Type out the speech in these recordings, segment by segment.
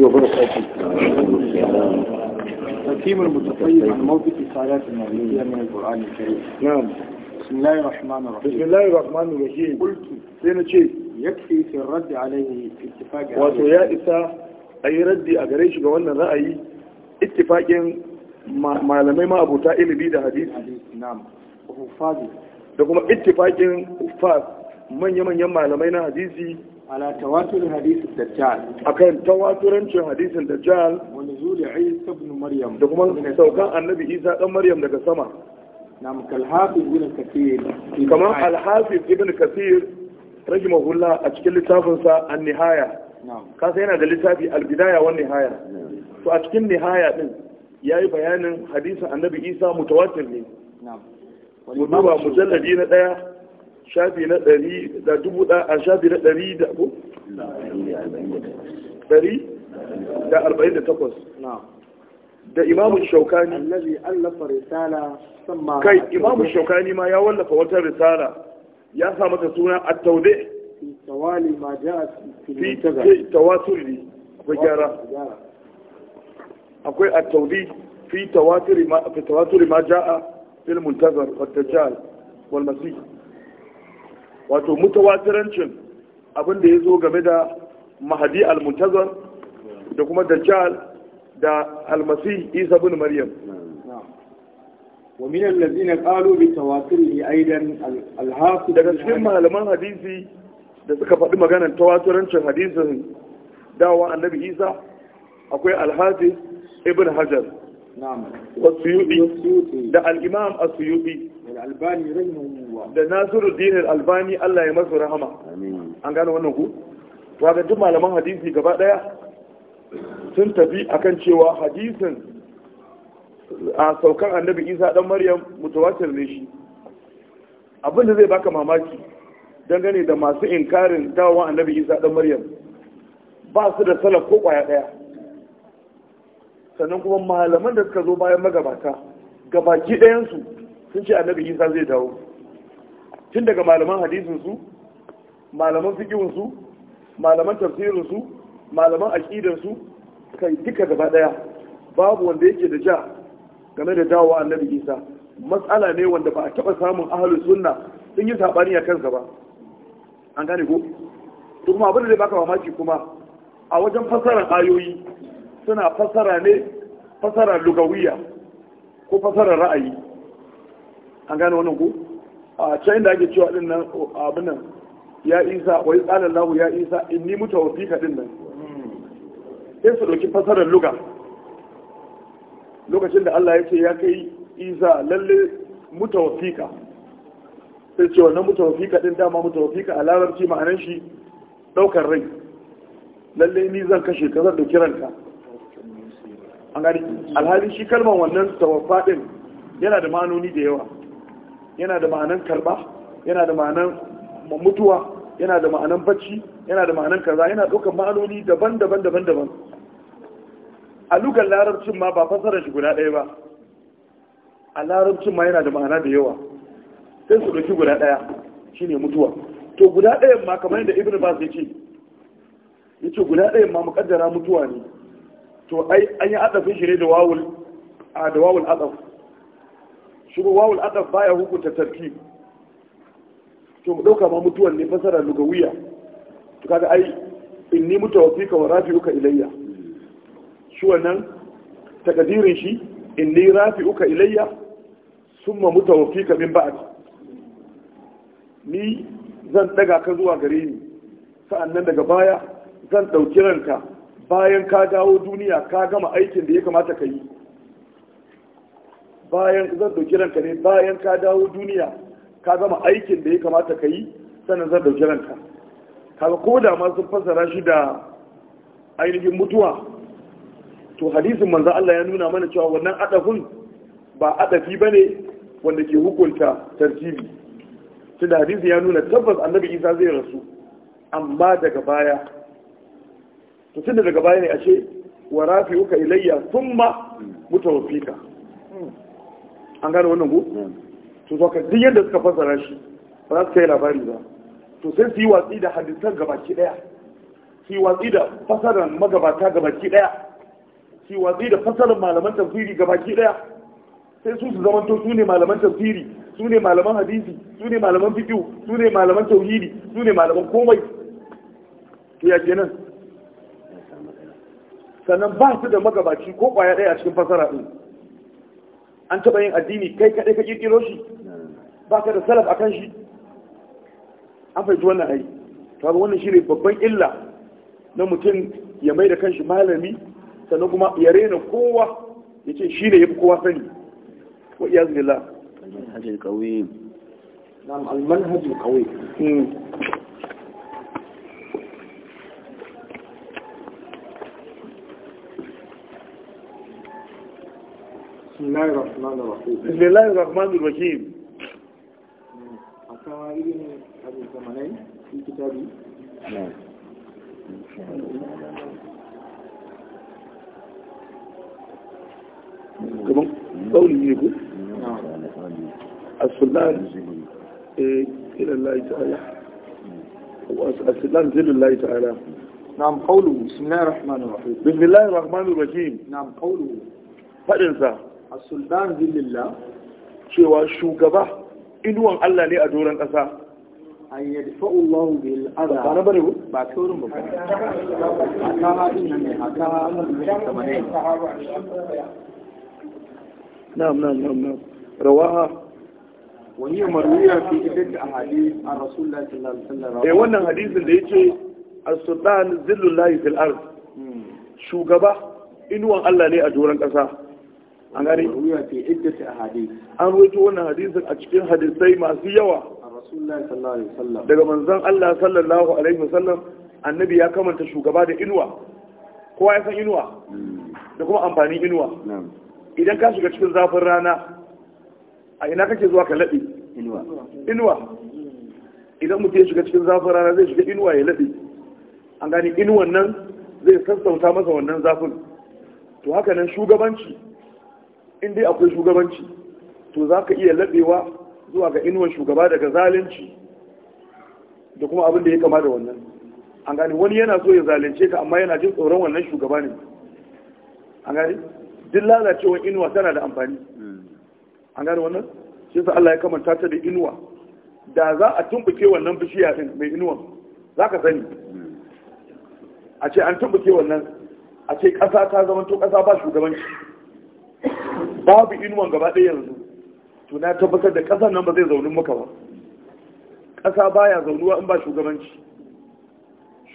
وبركاته المتطيب عن موضع الآيات المغربية من القرآن الكريم نعم بسم الله الرحمن الرحيم بسم الله الرحمن الرحيم قلت سينا شيء يكفي في الرد عليه اتفاق واتو يا إسا أي رد أقريش قولنا رأي اتفاق ما لم ما أبو تائل بيد حديث نعم وهو وحفاظي اتفاق kuma من يمن يمن ما لم na حديثي ala tawatur hadisi dajjal tawaturancin hadisin dajjal wa da kuma saukan annabi isa dan maryam daga sama nam Alhafi hafiz ibn kathir kamar al a cikin littafin an nihaya kasa yana da littafi al bidaya wa nihaya to a cikin nihaya din yayi bayanin hadisin annabi isa mutawatir ne mu duba mujalladi na ɗaya. شادي لا دري دا دبو دا شادي لا دري دا بو دري دا أربعين دا تقص نعم دا إمام الشوكاني الذي ألف رسالة ثم كي إمام الشوكاني ما يا ولا فوت رسالة يا ثامة سونا التوديع في توالي ما جاء في, في تواتر لي وجارة أقول التوديع في تواتر ما في تواتر ما جاء في المنتظر والدجال والمسيح wato mutawatirancin abin da ya zo game da mahadi al-muntazar da kuma dajjal da almasi isa bin maryam ومن الذين قالوا بتواتره ايضا الحافظ daga cikin malaman hadisi da suka faɗi maganar tawaturancin hadisin dawa annabi isa akwai alhafiz ibn hajar wasuyuɗi da al'imam a suyuɗi da nasiru dinar albani Allah ya masu rahama an gano wannan ku? waga malaman hadisi gaba ɗaya sun tafi a kan cewa hadisin a saukan annabi isa ɗan maryam mutawatir ne shi abin da zai baka mamaki dangane da masu inkarin dawowa annabi isa ɗan maryam ba su da salaf ko ƙwaya ɗaya sannan kuma malaman da suka zo bayan magabata gabaki ɗayansu sun ce annabi isa zai dawo tun daga malaman hadisinsu malaman fikihinsu malaman tafsirinsu malaman aƙidarsu kai duka gaba ɗaya babu wanda yake da ja game da dawowa annabi isa matsala ne wanda ba a taɓa samun ahalus sunna sun yi saɓani a kansa ba an gane ko kuma abin da zai baka mamaki kuma a wajen fasarar ayoyi suna fasara ne fasara lugawiya ko fasara ra'ayi an gane wannan ku a can da ake cewa din nan abin nan ya isa wai tsalallahu ya isa inni mutawaffika din nan sai su ɗauki fasarar luga lokacin da Allah ya ce ya kai isa lalle mutawaffika sai ce wannan mutawaffika din dama mutawaffika a larabci ma'anar shi daukar rai lalle ni zan kashe ka zan dauki ranka alhali shi kalmar wannan tawaffa yana da ma'anoni da yawa yana da ma'anan karɓa, yana da ma'anan mutuwa yana da ma'anan bacci yana da ma'anan kaza yana ɗaukar ma'anoni daban-daban daban-daban a lugar larabcin ma ba fasara shi guda ɗaya ba a larabcin ma yana da ma'ana da yawa sai su ɗauki guda ɗaya shine mutuwa to guda ɗayan ma kamar yadda ibn bas ya ce ya ce guda ɗayan ma muƙaddara mutuwa ne to ai an yi adafin shi ne da wawul a da wawul adaf shi wawul adaf baya hukunta tarki to mu dauka ma mutuwan ne fasara lugawiya to kaga ai inni mutawaffika wa rafi'uka ilayya shi wannan takadirin shi inni rafi'uka ilayya summa mutawaffika min ba'd ni zan daga ka zuwa gare ni sa'annan daga baya zan dauki ranka bayan ka dawo duniya ka gama aikin da ya kamata ka yi bayan zan dauki ranka ne bayan ka dawo duniya ka gama aikin da ya kamata ka yi sannan zan dauki ranka kaga ko da ma sun fassara shi da ainihin mutuwa to hadisin manzo Allah ya nuna mana cewa wannan adafin ba adafi bane wanda ke hukunta tartibi tunda hadisi ya nuna tabbas annabi Isa zai rasu amma daga baya to tun daga baya ne ashe wa uka ilayya thumma mutawaffika an gane wannan ku? to zaka duk yadda suka fassara shi ba za su kai labari ba to sai su yi watsi da hadisan gabaki daya su yi watsi da fasarar magabata gabaki daya su yi watsi da fasarar malaman tafsiri gabaki daya sai su su zamanto su ne malaman tafsiri su ne malaman hadisi su ne malaman fiqh su ne malaman tauhidi su ne malaman komai to ya kenan sannan ba su da magabaci ko kwaya ɗaya a cikin fasara ɗin an taɓa yin addini kai kaɗai ka ƙirƙiro shi ba ka da salaf a kan shi an fahimci wannan ai to wannan shi ne babban illa na mutum ya mai da kanshi malami sannan kuma ya rena kowa ya ce shi ne ya fi kowa sani wa iya zila al-manhaj بسم الله الرحمن الرحيم بسم الله الرحمن الرحيم أتوا ابن أبي الزمنين في كتابي نعم كمان قولي يقول نعم السلطان إلى الله تعالى السلطان ذل الله تعالى نعم قوله بسم الله الرحمن الرحيم بسم الله الرحمن الرحيم نعم قوله فإنسان a sultan zillillah cewa shugaba inuwan Allah ne a doron ƙasa an yadfa Allah bil adha ba na bane ba taurin ba ta ha din nan ne ta ha kamane na'am na na'am rawaha wa hiya marwiya fi iddat ahadith a rasulullah sallallahu alaihi wasallam eh wannan hadisin da ya ce a sultan zillullahi fil hmm. shugaba inuwan Allah ne a doron ƙasa an gane an roki wannan hadisin a cikin hadisai masu yawa daga manzon Allah sallallahu alaihi wasallam annabi ya kamanta shugaba da inuwa kowa ya san inuwa hmm. da kuma amfanin inuwa idan ka shiga cikin zafin rana a ina kake zuwa ka laɓe inuwa idan mutum ya shiga cikin zafin rana zai shiga inuwa ya laɓe an gani inuwan nan zai sassauta masa wannan zafin to haka nan shugabanci in dai akwai shugabanci to za ka iya laɗewa zuwa ga inuwan shugaba daga zalunci da kuma abin da ya kama da wannan an gani wani yana so ya zalunce ka amma yana jin tsoron wannan shugaba ne an gani duk lalacewar inuwa tana da amfani an gani wannan shi sa Allah ya kamanta ta da inuwa da za a tumbuke wannan bishiya din mai inuwan za ka sani a ce an tumbuke wannan a ce ƙasa ta zama to ƙasa ba shugabanci babu inuwan gaba ɗaya yanzu to na tabbatar da ƙasa nan ba zai zaunin maka ba ƙasa baya zaunuwa in ba shugabanci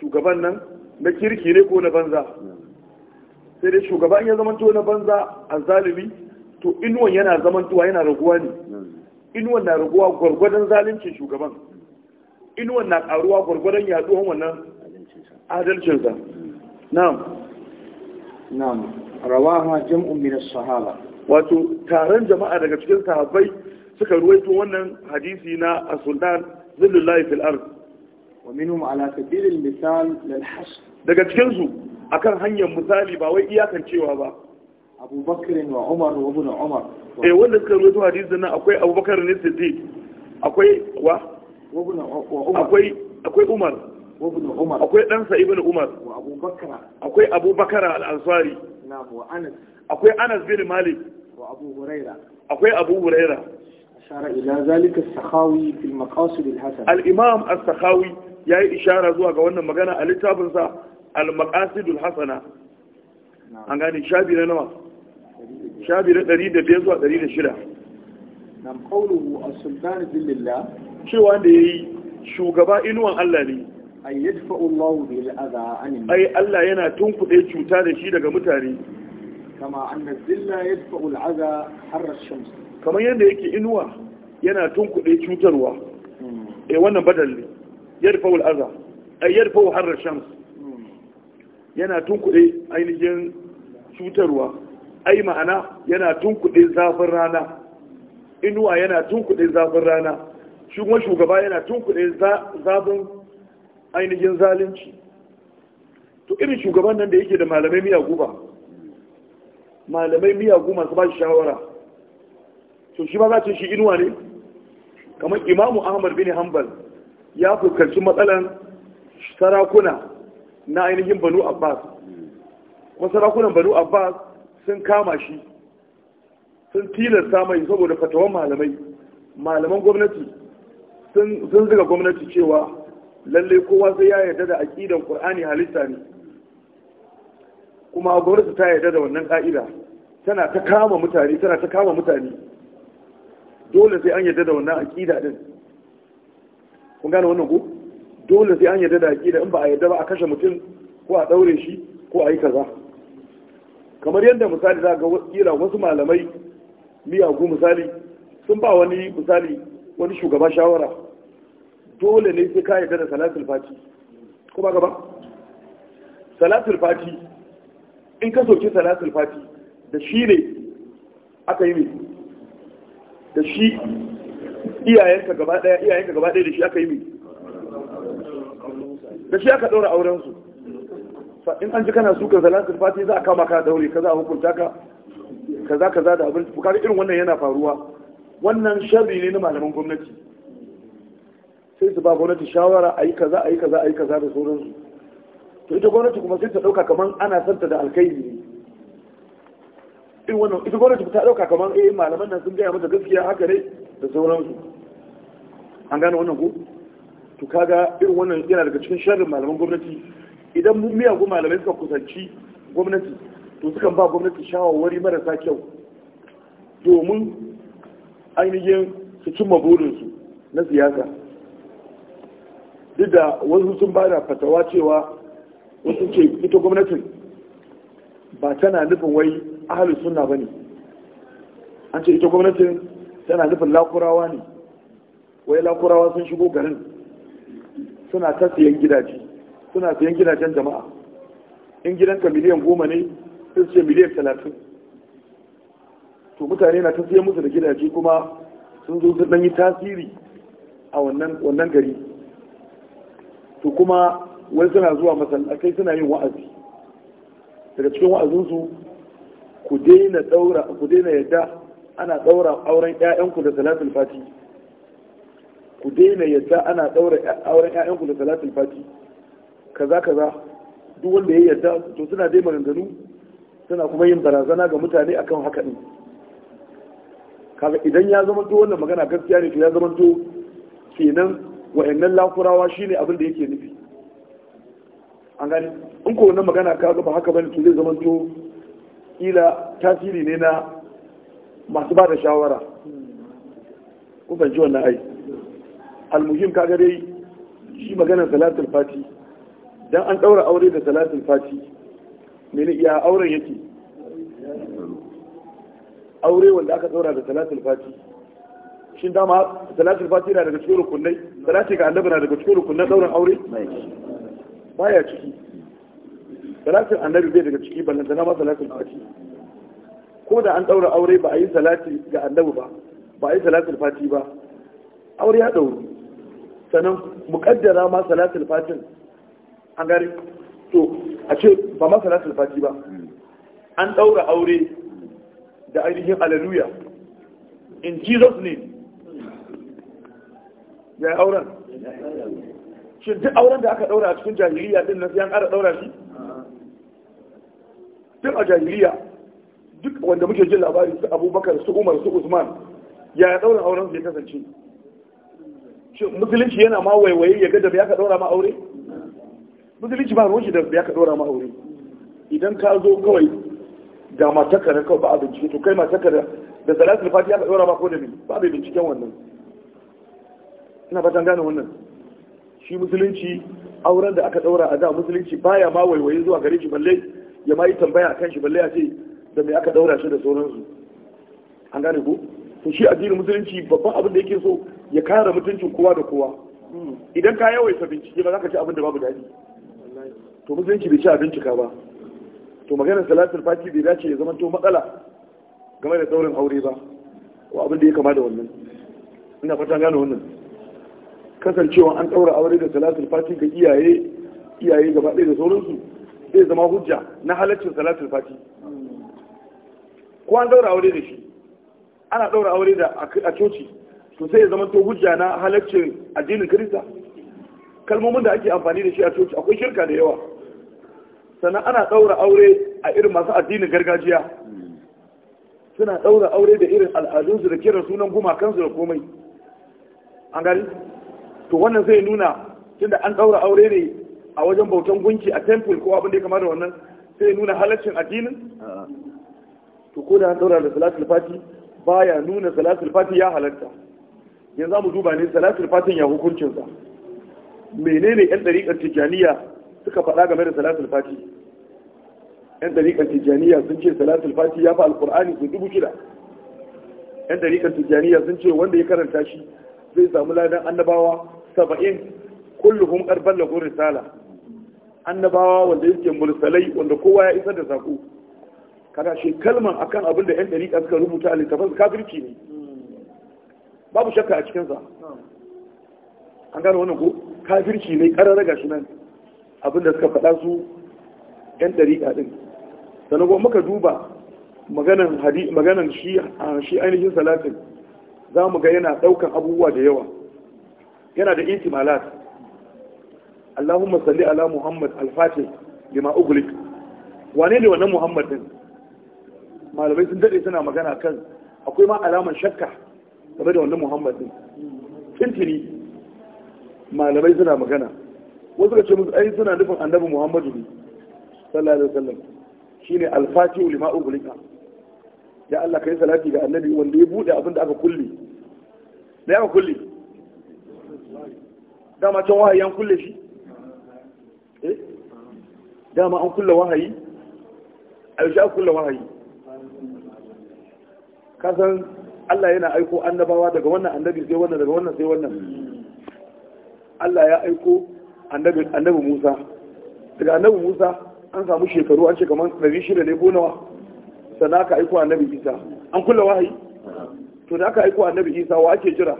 shugaban nan na kirki ne ko na banza sai dai shugaban ya zama na banza a zalimi to inuwan yana zamantowa yana raguwa ne inuwan na raguwa gwargwadon zalincin shugaban inuwan na karuwa gwargwadon yaduwan wannan adalcinsa na'am na'am rawaha jam'un min as-sahaba wato taron jama'a daga cikin sahabbai suka ruwaito wannan hadisi na as-sultan zillullahi fil ard wa minhum ala sabil al-misal lil hasr daga cikin su akan hanyar misali ba wai iyakan cewa ba Abu Bakr wa Umar wa Ibn Umar eh wanda suka ruwaito hadisi nan akwai Abu Bakr ne Siddiq akwai wa Umar. akwai akwai Umar Umar. akwai dan ɗansa Ibn Umar Wa akwai Abu Bakr al-Ansari na wa Anas akwai anas bin malik wa abu huraira akwai abu huraira ashara ila zalika sakhawi fil maqasid al hasan al imam as sakhawi yayi ishara zuwa ga wannan magana a littafin sa al maqasid al hasana an gane shabi na nawa shabi na 105 zuwa 106 nam qawluhu as-sultan billah cewa da yayi shugaba inuwan Allah ne ay yadfa Allahu bil adha an ay Allah yana tunkuɗe cuta da shi daga mutane kama anna zilla yadfa'u al'aza harra shams kamar yadda yake inuwa yana tunkuɗe cutarwa eh wannan badal ne yadfa'u al'aza ay yadfa'u harra shams yana tunkuɗe ainihin cutarwa ai ma'ana yana tunkuɗe zafin rana inuwa yana tunkuɗe zafin rana shi kuma shugaba yana tunkuɗe zafin ainihin zalunci to irin shugaban nan da yake da malamai miyagu ba malamai miya goma masu ba shi shawara to shi ba za ce shi inuwa ne kamar imamu ahmad bin hanbal ya fuskanci matsalan sarakuna na ainihin banu abbas kuma sarakunan banu abbas sun kama shi sun tilasta mai saboda fatawan malamai malaman gwamnati sun zuga gwamnati cewa lallai kowa sai ya yarda da aƙidan ƙur'ani halitta ne kuma gwamnati ta yarda da wannan ka'ida tana ta kama mutane tana ta kama mutane dole sai an yarda da wannan aqida din kun gane wannan ko dole sai an yarda da aqida in ba a yarda ba a kashe mutum ko a daure shi ko a yi kaza kamar yadda misali za ga kira wasu malamai miyagu misali sun ba wani misali wani shugaba shawara dole ne sai ka yarda da salatul fati ko ba gaba salatul fati in ka soke salatul fati da shi ne aka yi mai da shi iyayenka gaba daya iyayenka gaba daya da shi aka yi mai da shi aka daura auren su in an ji kana sukan salatul fati za a kama ka daure kaza hukunta ka kaza kaza da abin bukari irin wannan yana faruwa wannan sharri ne na malaman gwamnati sai su ba gwamnati shawara a yi kaza a yi kaza a yi kaza da sauransu to ita gwamnati kuma sai ta ɗauka kaman ana santa da alkhairi ne in wannan ita gwamnati ta ɗauka kaman, eh malaman nan sun gaya mata gaskiya haka ne da sauransu an gane wannan ko to kaga irin wannan yana daga cikin sharrin malaman gwamnati idan mun miyagu malamai suka kusanci gwamnati to sukan ba gwamnati shawarwari marasa kyau domin ainihin su cimma burinsu na siyasa duk da wasu sun ba da fatawa cewa wasu ce ita gwamnatin ba tana nufin wai ahalu suna ba ne an ce ita gwamnatin tana nufin lakurawa ne wai lakurawa sun shigo garin suna ta siyan gidaje suna siyan gidajen jama'a in gidanka miliyan goma ne sun ce miliyan talatin to mutane na ta siyan musu da gidaje kuma sun zo sun yi tasiri a wannan gari to kuma wai suna zuwa masallatai suna yin wa'azi daga cikin wa'azinsu ku daina daura ku daina yadda ana daura auren ƴaƴanku da salatul fati ku daina yadda ana daura auren ƴaƴanku da salatul fati kaza kaza duk wanda ya yadda to suna dai maganganu suna kuma yin barazana ga mutane akan haka din kaga idan ya zama to wannan magana gaskiya ne to ya zama to kenan wa'annan lafurawa shine abin da yake nufi an gani in ko wannan magana ka ba haka bane to zai zama to ila tasiri ne na masu ba da shawara ku fahimci wannan ai almuhim kaga dai shi magana salatul fati dan an daura aure da salatul fati mene iya auren yake aure wanda aka daura da salatul fati shin dama salatul fati na daga cikin rukunai salati ga annabi na daga cikin rukunai dauran aure baya ciki salatin annabi bai daga ciki ballan sana ma salatin fati ko da an daura aure ba a yi salati ga annabi ba ba a yi salatin fati ba aure ya dauru sannan mukaddara ma salatin fatin an gari to a ce ba ma salatin fati ba an daura aure da ainihin aleluya in jesus name ya auren shi duk auren da aka daura a cikin jahiliya din nan sai an ƙara daura shi duk a jahiliya duk wanda muke jin labari su abubakar su umar su usman ya daura auren zai kasance musulunci yana ma waiwaye ya ga da ya ka daura ma aure musulunci ba ruwan da ya ka daura ma aure idan ka zo kawai ga matakar da kawai ba a bincike to kai matakar da salatul fatiha ka daura ma ko da ba bai binciken wannan ina ba gane wannan shi musulunci auren da aka daura a da musulunci baya ma waiwaye zuwa gare shi balle ya ma yi tambaya akan shi balle a ce da me aka daura shi da sauransu an gane ku to shi addinin musulunci babban abin da yake so ya kare mutuncin kowa da kowa idan ka yawaita bincike ba za ka ci abin da babu daɗi to musulunci bai ci abinci bincika ba to maganar salatul fati bai dace ya zama to matsala game da daurin aure ba ko abin da ya kama da wannan ina fata gane wannan kasancewa an ɗaura aure da salatul fati ga iyaye iyaye gaba ɗaya da sauransu zai zama hujja na halaccin salatul fati ko an ɗaura aure da shi ana ɗaura aure da a coci to sai ya zama to hujja na halaccin addinin kirista kalmomin da ake amfani da shi a coci akwai shirka da yawa sannan ana ɗaura aure a irin masu addinin gargajiya suna ɗaura aure da irin al'adunsu da kiran sunan gumakansu da komai an gani to wannan zai nuna tunda an daura aure ne a wajen bautan gunki a temple ko abin da ya kama da wannan sai nuna halaccin addinin to ko da an daura da salatul fati baya nuna salatul fati ya halatta yanzu za mu duba ne salatul fatin ya hukuncin sa menene yan dariƙar tijaniya suka faɗa game da salatul fati yan dariƙar tijaniya sun ce salatul fati ya fa alqur'ani sun dubu shida yan dariƙar tijaniya sun ce wanda ya karanta shi zai samu ladan annabawa saba'in kulluhum qad ballagu risala annabawa wanda yake mursalai wanda kowa ya isar da sako kada shi kalman akan abin da yan dariqa suka rubuta a littafin kafirci ne babu shakka a cikin sa an gano wannan ko kafirci ne ga shi nan abin da suka faɗa su yan dariqa din sanan kuma muka duba maganan shi ainihin salatin za mu ga yana daukan abubuwa da yawa yana da intimalat Allahumma salli ala Muhammad al-Fatih lima ughliq wane ne wannan Muhammad din malamai sun dade suna magana kan akwai ma alaman shakka game da wannan Muhammad din tintini malamai suna magana wasu ga cewa musu ai suna nufin annabi Muhammadu ne sallallahu alaihi wasallam shine al-Fatih lima ughliq ya Allah kai salati ga annabi wanda ya bude abinda aka kulle da aka kulle dama can wahayi an kulle shi eh? dama an kulle wahayi a yaushe an kulle wahayi kasan Allah yana aiko annabawa daga wannan annabi sai wannan daga wannan sai wannan Allah ya aiko annabi Musa daga annabi Musa an samu shekaru an ce kamar ɗari shida ne ko nawa sannan aka aiko annabi Isa an kulle wahayi to da aka aiko annabi Isa wa ake jira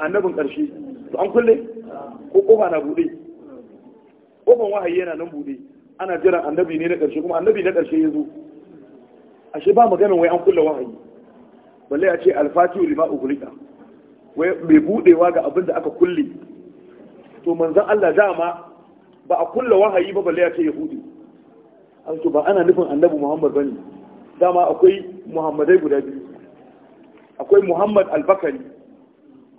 annabin ƙarshe to an kulle ko kofa na bude kofan wahayi yana nan bude ana jiran annabi ne na ƙarshe kuma annabi na ƙarshe ya zo ashe ba maganin wai an kulla wahayi balle ya ce alfatihu lima ughliqa wai mai budewa ga abin da aka kulle to manzon Allah dama ba a kulla wahayi ba balle ya ce yahudi an to ba ana nufin annabi Muhammad bane dama akwai muhammadai guda biyu akwai Muhammad al-Bakari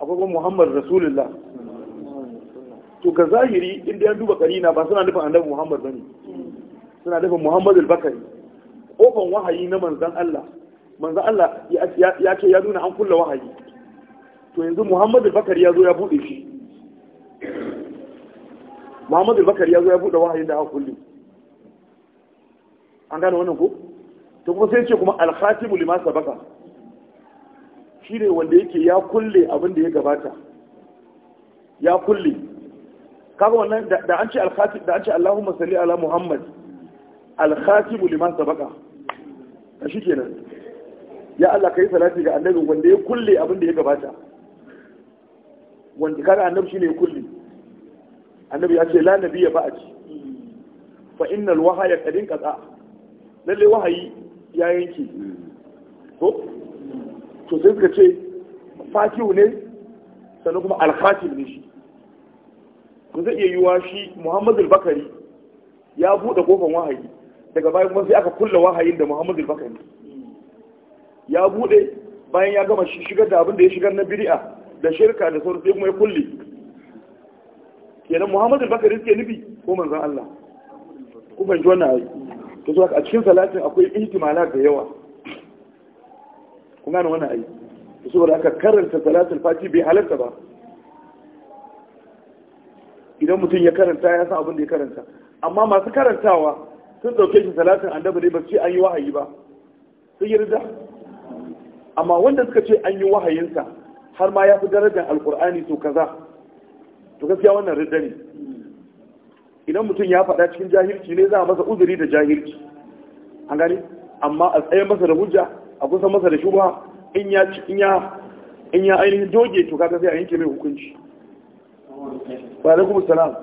akwai Muhammad Rasulullah to ga zahiri inda ya duba karina ba suna nufin annabi Muhammad bane suna nufin Muhammad al-Bakari kofan wahayi na manzon Allah manzon Allah ya ce ya nuna an kulla wahayi to yanzu Muhammad al-Bakari ya zo ya bude shi Muhammad al-Bakari ya zo ya bude wahayin da aka kulle an gane wannan ko to kuma sai ce kuma al-khatimu lima sabaka ne wanda yake ya kulle abin da ya gabata ya kulle kaga wannan da an ce al-khatib da an ce Allahumma salli ala Muhammad al-khatib liman sabaka a shikenan ya Allah kai salati ga Annabi wanda ya kulle abin da ya gabata wanda kaga annabi shine ya kulle annabi ya ce la nabiyya ci, fa innal wahaya qad inqata lalle wahayi ya yanke to to sai suka ce fatihu ne sannan kuma al-khatib ne shi to zai iya yiwuwa shi muhammad bakari ya buɗe kofan wahayi daga bayan kuma sai aka kulla wahayin da muhammad bakari ya buɗe bayan ya gama shigar da abin da ya shigar na bid'a da shirka da sauran sai kuma ya kulle kenan muhammad bakari suke nufi ko manzon Allah ku ban ji wannan ayi to so a cikin salatin akwai ihtimala da yawa kuma gane wannan ayi saboda aka karanta salatul fati bai halarta ba idan mutum ya karanta ya san abin da ya karanta amma masu karantawa sun dauke shi salatin annabi ne ba ce an yi wahayi ba sun yi rida amma wanda suka ce an yi wahayinsa har ma ya fi darajar alkur'ani to kaza to gaskiya wannan rida ne idan mutum ya faɗa cikin jahilci ne za a masa uzuri da jahilci an gani amma a tsaye masa da hujja a kusa masa da shubha in in ya in ya ainihin doge to kaga sai a yanke mai hukunci wa alaikum salam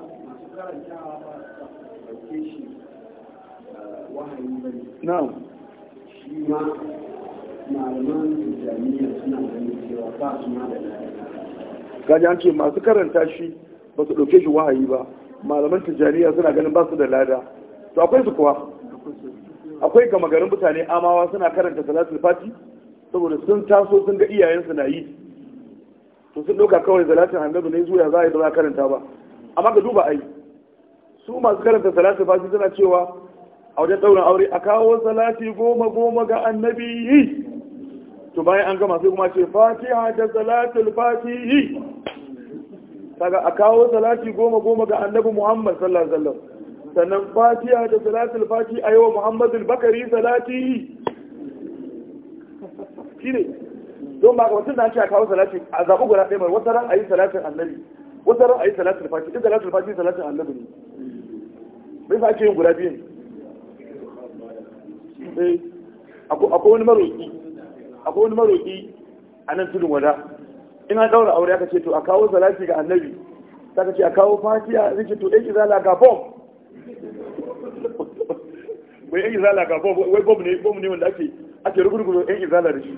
ce masu karanta shi ba su ɗauke shi wahayi ba malaman tijjaniya suna ganin ba su da lada to akwai su kuwa akwai gama garin mutane amawa suna karanta salatul fati saboda sun taso sun ga iyayensu na yi to sun ɗauka kawai salatin annabi ne zuwa za a yi ba karanta ba amma ka duba ai su masu karanta salatin fasi suna cewa a wajen ɗaurin aure a kawo salati goma goma ga annabi to bayan an gama sai kuma ce fatiha da salatin fatihi kaga a kawo salati goma goma ga annabi muhammad sallallahu alaihi wasallam sannan fatiha da salatin fatihi a yawa muhammadul bakari shi ne. don ba ga mutum da an ce a kawo salati a zaɓi guda ɗaya mai wata ran a yi salatin annabi wata ran a yi salatin fashi in salatin fashi salatin annabi ne bai sa ake yin guda biyun eh, akwai wani maroƙi akwai wani maroƙi a nan tudun wada ina ɗaura aure aka ce to a kawo salati ga annabi ta ce a kawo a zai ce to ɗan izala ga bom wai ɗan izala ga bom wai bom ne wanda ake ake rugurguzo ɗan izala da shi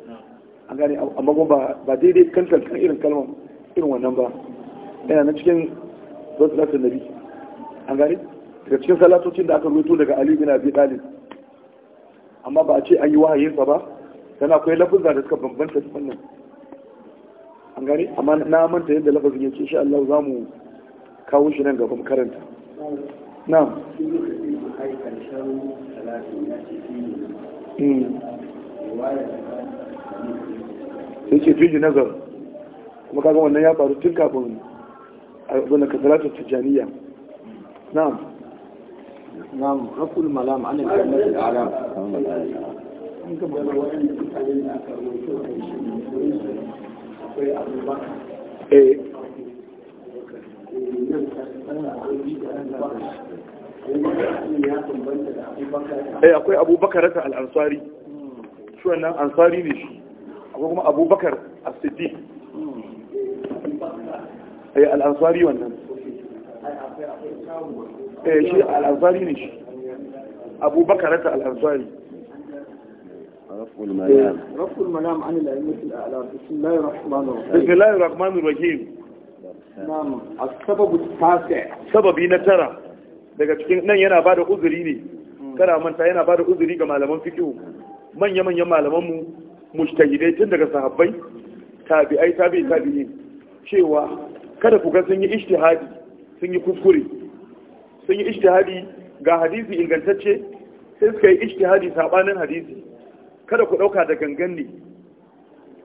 a gane amma kuma ba daidai kan kan irin kalmar irin wannan ba yana na cikin wasu lati nabi an gane daga cikin salatocin da aka ruto daga ali bin abi talib amma ba a ce an yi wahayinsa ba yana akwai lafuzza da suka bambanta da wannan an gane amma na manta yadda lafazin yake insha Allah za mu kawo shi nan gaban karanta na'am hmm. sai ce fiji nazar kuma kaga wannan ya faru tun kafin a abin ka eh. ta tijaniya na na'am raful malam an al-jannati al-alam eh eh akwai abubakar ta al'ansari shi wannan ansari ne shi akwai kuma abubakar as siddi eh al wannan ya eh, shi al ne shi abubakar ta al-ansari رفع eh, an رفع المنام عن الأئمة الأعلى rahim a sababu الرحيم sababi na tara daga cikin nan yana ba da uzuri ne kana manta yana ba da uzuri ga malaman fiqh manya manyan malaman mu mujtahidai tun daga sahabbai tabi'ai tabi'i tabi'in cewa kada ku ga sun yi ijtihadi sun yi kuskure sun yi ijtihadi ga hadisi ingantacce sai suka yi ijtihadi sabanin hadisi kada ku dauka da gangan ne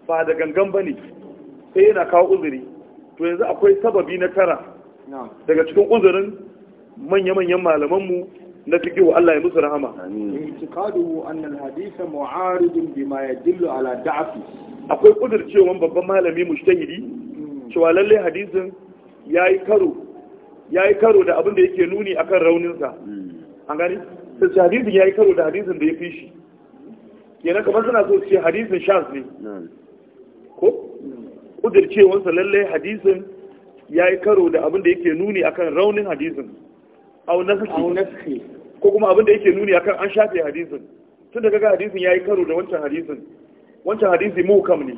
ba da gangan bane sai yana kawo uzuri to yanzu akwai sababi na tara daga cikin uzurin manya-manyan malamanmu na cikin wa Allah ya musu rahama. Intiqaduhu annal haditha mu'aridun bima yadullu ala da'fi. Akwai kudircewan babban malami mushtahidi hmm. cewa lalle hadisin yayi karo yayi karo da abin da yake nuni akan raunin sa. Hmm. An gani? Sai hadisin yayi karo da hadisin da ya fi shi. Kenan kamar suna so su ce hadisin shans ne. Ko? Kudircewan sa lalle hadisin yayi karo da abin da yake nuni akan raunin hadisin. Au naski. Au naski. ko kuma abin da yake nuni akan an shafe hadisin tun da kaga hadisin yayi karo da wancan hadisin wancan hadisi kam ne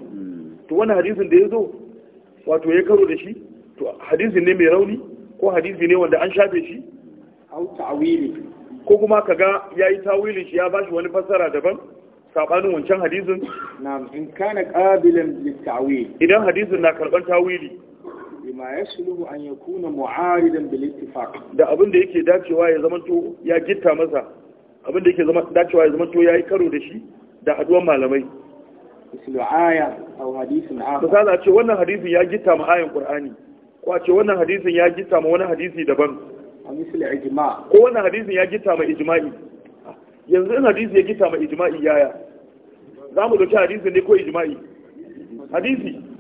to wannan hadisin da ya zo wato ya karo da shi to hadisin ne mai rauni ko hadisi ne wanda an shafe shi au ta'wili ko kuma kaga yayi tawili shi ya bashi wani fassara daban sabanin wancan hadisin na'am in kana qabilan lit tawili idan hadisin na karban tawili Ma ya yasluhu an kuna mu'aridan bil ittifaq da abin da yake dacewa ya zama to ya gitta masa abin da yake zama dacewa ya zama to yayi karo da shi da haduwar malamai mislu aya au hadisin akhar misali a ce wannan hadisin ya gitta ma ayan qur'ani ko a ce wannan hadisin ya gitta ma wani hadisi daban a misli ijma ko wannan hadisin ya gitta ma ijma'i yanzu in hadisi ya gitta ma ijma'i yaya za mu dauki hadisin ne ko ijma'i hadisi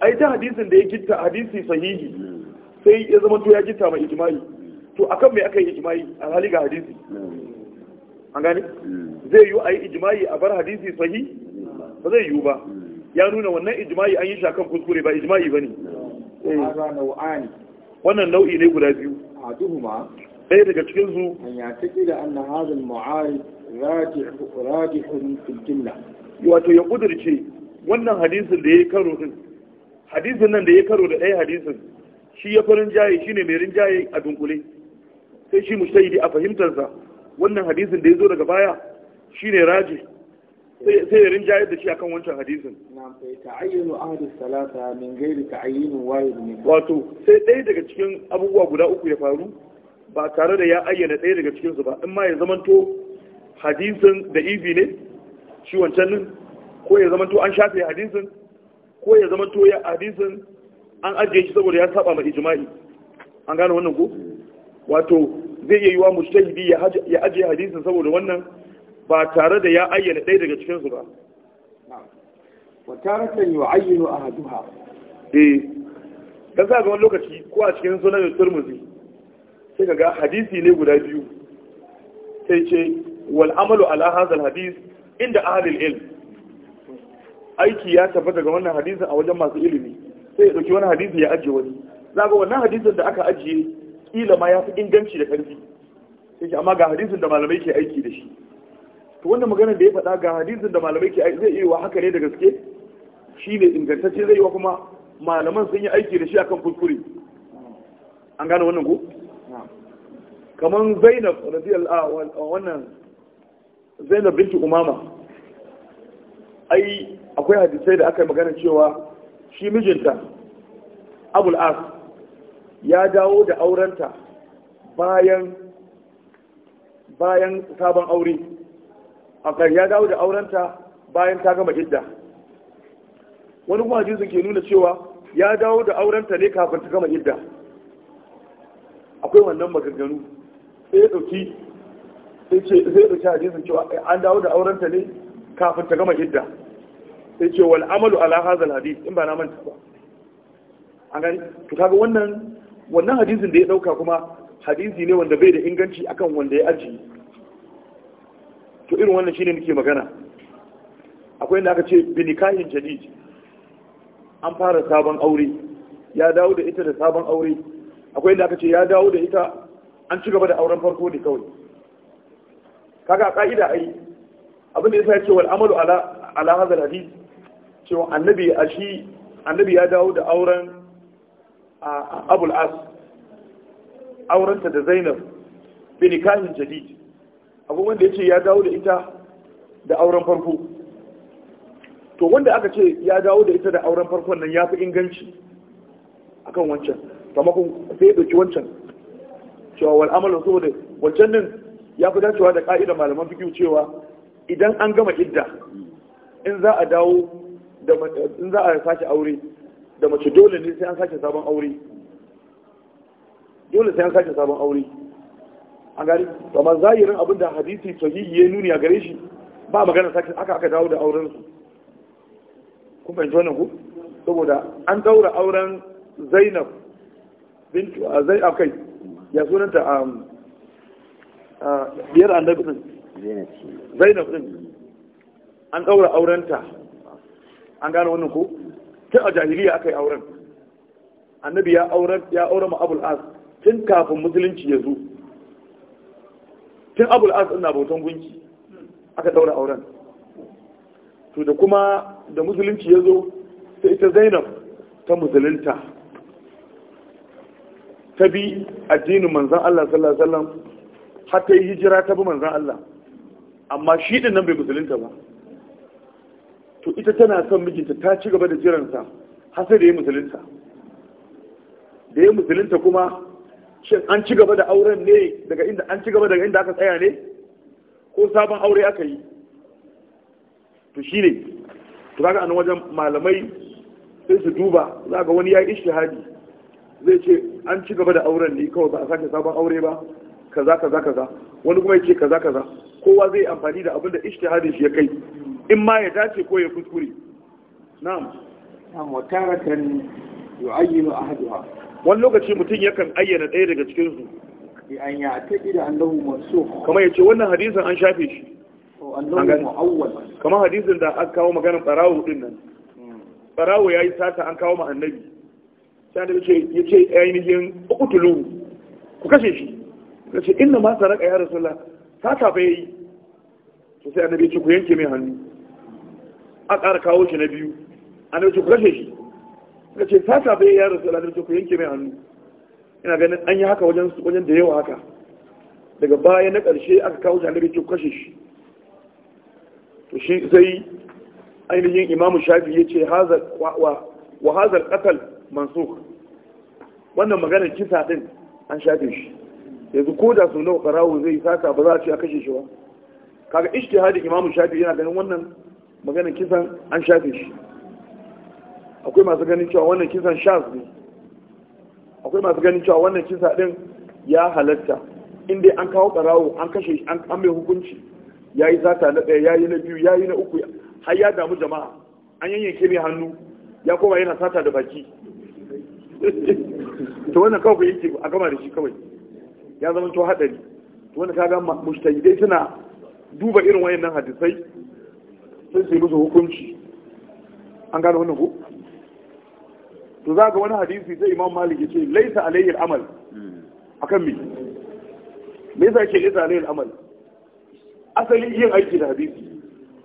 ai ta hadisin da ya gita hadisi sahihi sai ya zama to ya gitta mai ijma'i to akan me aka yi a hali ga hadisi an gane zai yi ai ijma'i a bar hadisi sahihi ba zai yi ba ya nuna wannan ijma'i an yi shi akan kuskure ba ijma'i bane eh. wannan nau'i ne guda biyu A duhuma ɗaya daga cikin su an ya take da anna hadha al-mu'arid radihun fil jumla wato ya kudirce wannan hadisin da yi karo din hadisin nan da ya karo da ɗaya hadisin shi ya farin jaye ne mai rinjaye a dunkule sai shi mujtahidi a fahimtarsa wannan hadisin da ya zo daga baya shi ne raji sai ya rinjaye da shi akan wancan hadisin wato sai ɗaya daga cikin abubuwa guda uku ya faru ba tare da ya ayyana ɗaya daga cikinsu ba in ma ya zamanto hadisin da ibi ne shi wancan ko ya zamanto an shafe hadisin ko ya zama to ya hadisin an ajiye shi saboda ya saba mai ijma'i an gane wannan ko wato zai iya yiwa mujtahidi ya ajiye hadisin saboda wannan ba tare da ya ayyana ɗaya daga cikin su ba wa taratan yu'ayyinu ahaduha eh dan sa ga wani lokaci ko a cikin sunan Tirmidhi sai ga hadisi ne guda biyu sai ce wal amalu ala hadis inda ahli ilm aiki ya tabbata ga wannan hadisin a wajen masu ilimi sai ya ɗauki wani hadisi ya ajiye wani za ga wannan hadisin da aka ajiye kila ma ya fi inganci da ƙarfi sai amma ga hadisin da malamai ke aiki da shi to wannan maganar da ya faɗa ga hadisin da malamai ke aiki zai iya wa haka ne da gaske shi ne ingantacce zai yi wa kuma malaman sun yi aiki da shi akan kuskure an gane wannan ko kamar zainab radiyallahu wannan zainab binti umama ai akwai hadisai da aka yi magana cewa shi mijinta abul as ya dawo da aurenta bayan bayan sabon aure akan ya dawo da aurenta bayan ta gama idda wani kuma hadisin ke nuna cewa ya dawo da aurenta ne kafin ta gama idda akwai wannan maganganu sai ya dauki sai ce zai dauki hadisin cewa an dawo da aurenta ne kafin ta gama idda sai ce wal amalu ala hadha hadith in ba na manta ba an gani to kaga wannan wannan hadisin da ya dauka kuma hadisi ne wanda bai da inganci akan wanda ya ajiye to irin wannan shine nake magana akwai inda aka ce binikahin jadid an fara sabon aure ya dawo da ita da sabon aure akwai inda aka ce ya dawo da ita an ci gaba da auren farko ne kawai kaga ka'ida ai abin da yasa ya ce wal amalu ala ala hadal hadith cewa annabi a shi annabi ya dawo da auren abul as aurenta da zainab bin kahin jadid akwai wanda ya ce ya dawo da ita da auren farko to wanda aka ce ya dawo da ita da auren farkon nan ya fi inganci akan wancan kamakon sai ya ɗauki wancan cewa wal amalan saboda wancan nan ya fi dacewa da ka'idar malaman fikiyu cewa idan an gama idda in za a dawo da in za a sace aure da mace dole ne sai an sace sabon aure dole sai an sace sabon aure an gari amma zahirin abin da hadisi sahihi ya nuni a gare shi ba magana sake aka aka dawo da auren su kun fahimci wannan ku saboda an daura auren Zainab bintu a zai akai ya sunanta um, a biyar annabi din Zainab din an daura aurenta an gane wannan ko tun a jahiliya aka yi auren annabi ya auren ya auren ma abul as tun kafin musulunci ya zo tun abul as ina bautan gunki aka daura auren to da kuma da musulunci ya zo sai ita zainab ta musulunta ta bi addinin manzan Allah sallallahu alaihi wasallam har ta yi hijira ta bi manzan Allah amma shi din nan bai musulunta ba to ita tana son mijinta ta ci gaba da jiransa har sai da ya musulunta da ya musulunta kuma shin an ci gaba da auren ne daga inda an ci gaba daga inda aka tsaya ne ko sabon aure aka yi to shi ne, to kaga an wajen malamai sai su duba za ga wani ya yi ishtihadi zai ce an ci gaba da auren ne kawai ba a sake sabon aure ba kaza kaza kaza wani kuma ya ce kaza kaza kowa zai amfani da abin da ishtihadin shi ya kai in ma ya dace ko ya kuskure na'am na'am ahaduha wani lokaci mutum yakan ayyana ɗaya daga cikin su bi an ya ce annahu kamar yace wannan hadisin an shafe shi annahu mu'awwal kamar hadisin da aka kawo maganar ɓarawo din nan hmm. ya yayi sata an kawo ma annabi sai annabi ce yace ainihin uqtulu ku kashe shi kace inna ma saraka ya rasulullah sata bai yi. Sosai sai annabi ce ku yanke mai hannu a ƙara kawo shi na biyu a ce ku kashe shi suka ce sata bai ya rasu annabi ce ku yanke mai hannu ina ganin an yi haka wajen wajen da yawa haka daga baya na ƙarshe aka kawo shi a ce ku kashe shi to shi sai ainihin imamu shafi ya ce wa hazar ƙasar mansuk wannan maganar kisa ɗin an shafe shi yanzu ko da su nawa ƙarawo zai sata ba za a ce a kashe shi ba kaga ishtihadin imamu shafi yana ganin wannan maganin kisan an shafe shi akwai masu ganin cewa wannan kisan shas ne akwai masu ganin cewa wannan kisa din ya halatta inda an kawo karawo an kashe shi an mai hukunci ya yi zata na ɗaya ya yi na biyu ya yi na uku har ya damu jama'a an yanyanke mai hannu ya koma yana sata da baki to wannan kawai ku yake a gama da shi kawai ya zama to haɗari to wannan kaga mushtahidai suna duba irin wayannan hadisai sai sai musu hukunci an gane wannan ku to za ga wani hadisi sai imam malik ya ce laisa alayhi al'amal akan me me yasa yake laisa alayhi al'amal asali yin aiki da hadisi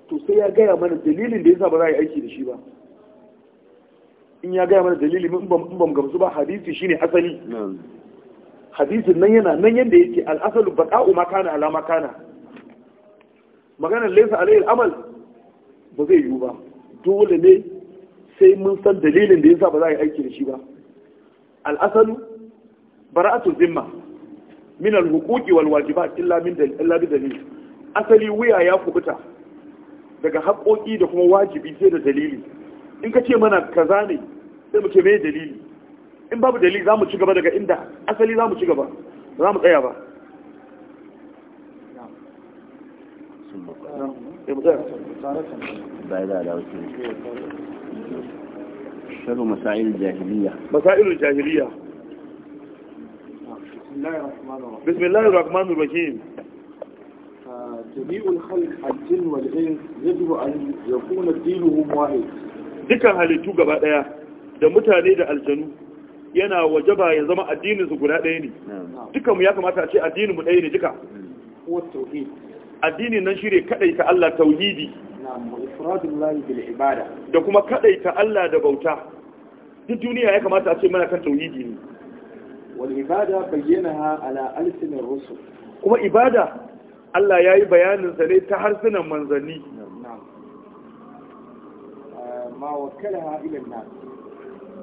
to sai ya gaya mana dalilin da yasa ba za a yi aiki da shi ba in ya gaya mana dalilin in ba mu gamsu ba hadisi shine asali hadisin nan yana nan yadda yake al'asalu baqa'u ma kana ma kana maganar laisa alayhi al'amal ba zai yiwu ba dole ne sai mun san dalilin da ya sa ba za a yi aiki da shi ba al'asalu bara'atu zimma min al-huquqi wal wajibat illa min illa bi dalil asali wuya ya kubuta daga haƙoƙi da kuma wajibi sai da dalili in ka ce mana kaza ne sai mu ce me dalili in babu dalili za mu ci gaba daga inda asali za mu ci gaba ba za mu tsaya ba eh, bai da dawo sharu masail jahiliya masail jahiliya بسم الله الرحمن الرحيم جميع الخلق الجن والإنس يجب أن يكون دينهم واحد dukkan halittu gaba daya da mutane da aljanu yana wajaba ya zama addinin su guda ɗaya ne dukkan mu ya kamata a ce addinin mu ɗaya ne duka addinin nan shine kadai ta Allah tauhidi da kuma kadaita Allah da bauta duk duniya ya kamata a ce mana kan tauhidi ne wal ibada bayyanaha ala rusul kuma ibada Allah yayi bayanin sa ne ta harsunan manzanni ah, ma wakkalaha ila nas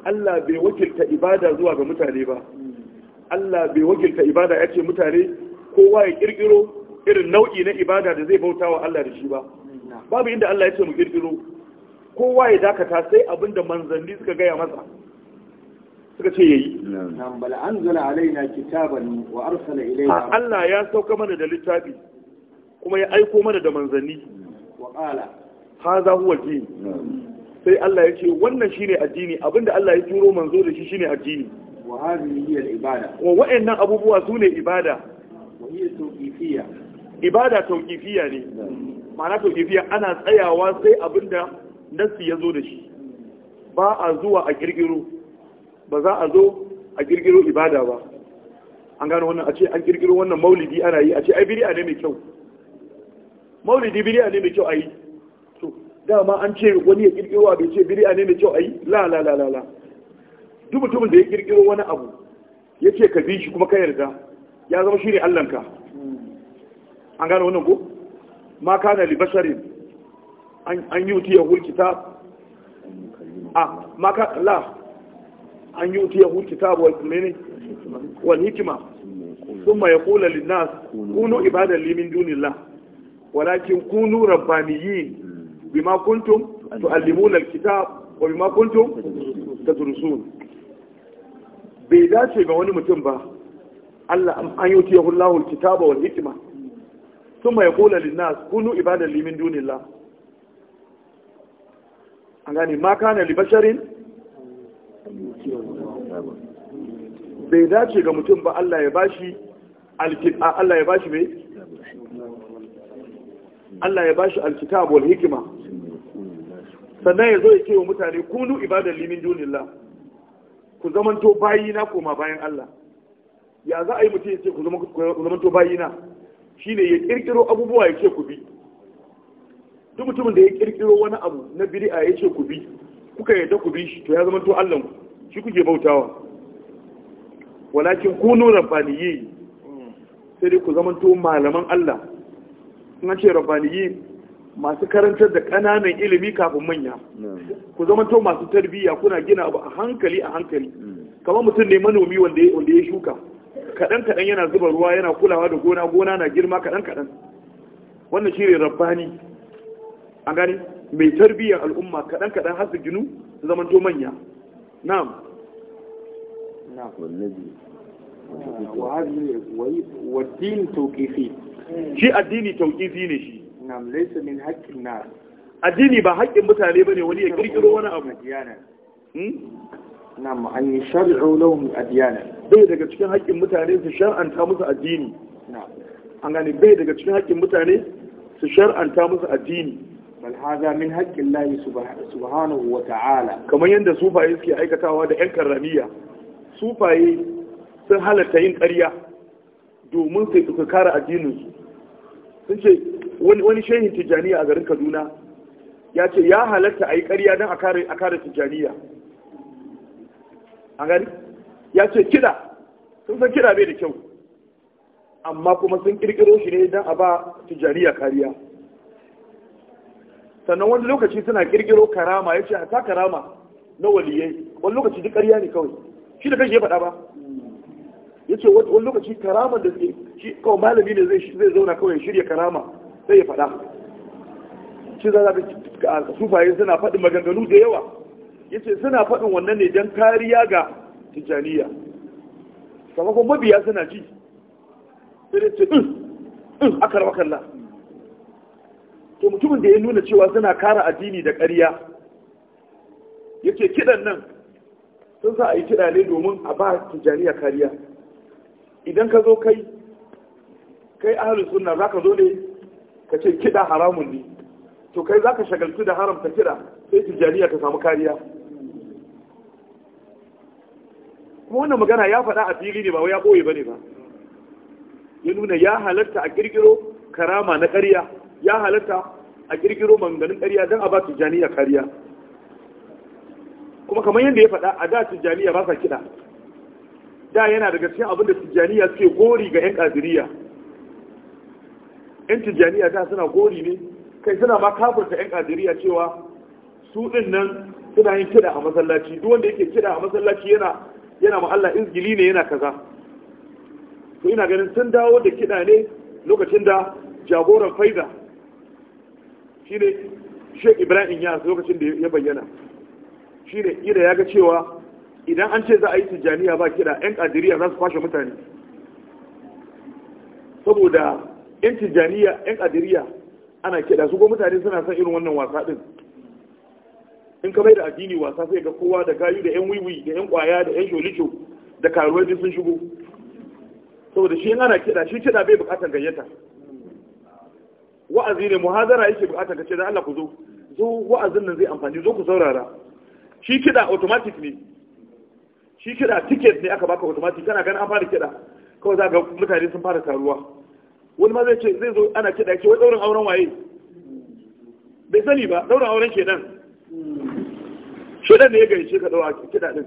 Allah bai wakilta ibada zuwa ga mutane ba hmm. Allah bai wakilta ibada yace mutane kowa ya kirkiro irin nau'i na ibada da zai bauta wa Allah da shi ba babu inda Allah ya ce mu kirkiro kowa ya dakata sai abinda manzanni suka gaya masa suka ce yayi nan bal anzala alaina kitaban wa arsala ilayna Allah ya sauka mana da littafi kuma ya aiko mana da manzanni wa qala hadha huwa din sai Allah ya ce wannan shine addini abinda Allah ya turo manzo da shi shine addini wa hadhihi hiya al-ibada wa wa'annan abubuwa sune ibada wa hiya tawqifiyya ibada tawqifiyya ne ma'ana tauƙifiya ana tsayawa sai abinda nassi ya zo da shi ba a zuwa a girgiro ba za a zo a girgiro ibada ba an gano wannan a ce an girgiro wannan maulidi ana yi a ce ai biri'a ne mai kyau maulidi biri'a ne mai kyau a yi to dama an ce wani ya a bai ce biri'a ne mai kyau a yi la la la la la duk dubu da ya girgiro wani abu ya ce ka bi shi kuma ka yarda ya zama shi ne allanka an gano wannan ko ma kana li basharin an yuti yahul kitab a ah, ma ka la an yuti yahul kitab wal mene wal hikma thumma yaqulu lin nas kunu ibadan li min dunillah walakin kunu rabbaniyin bima kuntum tuallimuna al kitab wa bima kuntum tadrusun bai dace ga wani mutum ba Allah an yuti yahul kitab wal hikma ثم يقول للناس كونوا عبادا لي من دون الله أغاني ما كان لبشر bai dace ga mutum ba Allah ya bashi Allah ya bashi mai Allah ya bashi alkitab wal hikima sannan yazo zo ya wa mutane kunu ibadan limin dunillah ku zamanto bayina koma bayan Allah ya za a yi mutum ya ce ku zamanto bayina shine ya kirkiro abubuwa ya ce ku bi duk mutumin da ya kirkiro wani abu na bid'a ya ce ku bi kuka yadda ku bi shi to ya zama to Allah ku shi kuke bautawa walakin kunu rabbaniyi sai dai ku zama to malaman Allah in an ce rabbaniyi masu karantar da ƙananan ilimi kafin manya ku zama to masu tarbiyya kuna gina abu a hankali a hankali hmm. kamar mutum ne manomi wanda ya shuka kaɗan kaɗan yana zuba ruwa yana kulawa da gona gona na girma kaɗan kaɗan wannan shi ne rabbani an gani mai tarbiyyar al'umma kaɗan kaɗan har su ginu su zama to manya na'am wa shi addini tauqifi ne shi na'am addini ba haƙƙin mutane ne wani ya ƙirƙiro wani abu na'am an yi shar'u lahum adyana bai daga cikin haƙƙin mutane su shar'anta musu addini na'am an gane bai daga cikin haƙƙin mutane su shar'anta musu addini bal haza min haƙƙin lahi subhanahu wa ta'ala kamar yanda sufaye suke aikatawa da yan karramiya sufaye sun halatta yin ƙarya domin sai su kare addinin su sun ce wani shehin tijaniya a garin Kaduna ya ce ya halatta a yi ƙarya don a kare tijaniya an gani ya ce kiɗa sun san kiɗa bai da kyau amma kuma sun ƙirƙiro shi ne don a ba tijariya kariya sannan wani lokaci suna ƙirƙiro karama ya ce a ta karama na waliyai wani lokaci duk ƙarya ne kawai shi da kanshi ya faɗa ba ya ce wani lokaci karama da shi kawai malami ne zai zauna kawai shirya karama sai ya faɗa shi za ka sufaye suna faɗin maganganu da yawa yace suna faɗin wannan ne don kariya ga tijaniya samakon mabiya suna ji sai ce in mm, mm, aka rawa kalla to mutumin da ya nuna cewa suna kara addini da ƙarya yace kiɗan nan sun sa a yi kiɗa ne domin a ba tijaniya kariya idan ka zo kai kai ahalin sunna za ka zo ne ka ce kiɗa haramun ne to kai za ka shagaltu da haramta kiɗa sai tijaniya ta samu kariya kuma wannan magana ya faɗa a fili ne ba wai ya ɓoye ba ne ba ya nuna ya halatta a ƙirƙiro karama na ƙarya ya halatta a ƙirƙiro manganin ƙarya don a ba tijjaniya kariya kuma kamar yadda ya faɗa a da tijjaniya ba sa kiɗa da yana daga cikin abin da tijjaniya suke gori ga 'yan ƙadiriya 'yan tijjaniya da suna gori ne kai suna ma kafurta 'yan ƙadiriya cewa su ɗin nan suna yin kiɗa a masallaci duk wanda yake kiɗa a masallaci yana yana ma Allah izgili ne yana kaza to ina ganin sun dawo da kiɗa ne lokacin da jagoran faida shine Sheikh Ibrahim ya lokacin da ya bayyana shine ira ya ga cewa idan an ce za a yi tijjaniya ba kiɗa 'yan ƙadiriya za su fashe mutane saboda 'yan tijjaniya 'yan ƙadiriya ana kiɗa su ko mutane suna son irin wannan wasa ɗin in ka mai da addini wasa sai ga kowa da gayu da yan wiwi da yan kwaya da yan sholisho da karuwar da sun shigo saboda shi ana kiɗa shi kiɗa bai buƙatar gayyata wa'azi ne muhazara yake buƙatar kace da Allah ku zo zo wa'azin nan zai amfani zo ku saurara shi kiɗa automatic ne shi kiɗa ticket ne aka baka automatic kana ganin an fara kiɗa kawai za ga mutane sun fara taruwa wani ma zai ce zai zo ana kiɗa ce wai ɗaurin auren waye bai sani ba ɗaurin auren kenan shaidan ne ya gayyace ka dawa kiɗa ɗin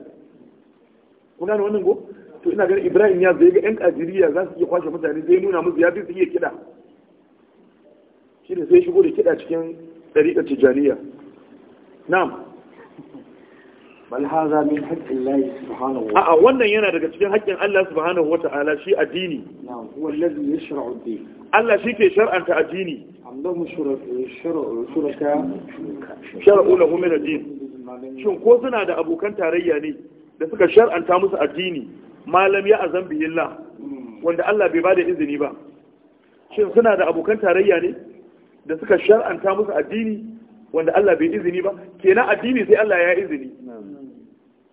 kuna da wannan go to ina ganin ibrahim ya zai ga yan kajiriya za su iya kwashe mutane zai nuna musu ya fi su iya kiɗa shi da sai shigo da kiɗa cikin ɗariƙar tijjaniya na'am a'a wannan yana daga cikin haƙƙin Allah subhanahu wata'ala shi addini Allah shi ke shar'anta addini shin ko suna da abokan tarayya ne da suka shar'anta musu addini malam ya azan billah hmm. wanda Allah bai bada izini ba shin suna da abokan tarayya ne da suka shar'anta musu addini wanda Allah bai izini ba kenan addini sai Allah ya izini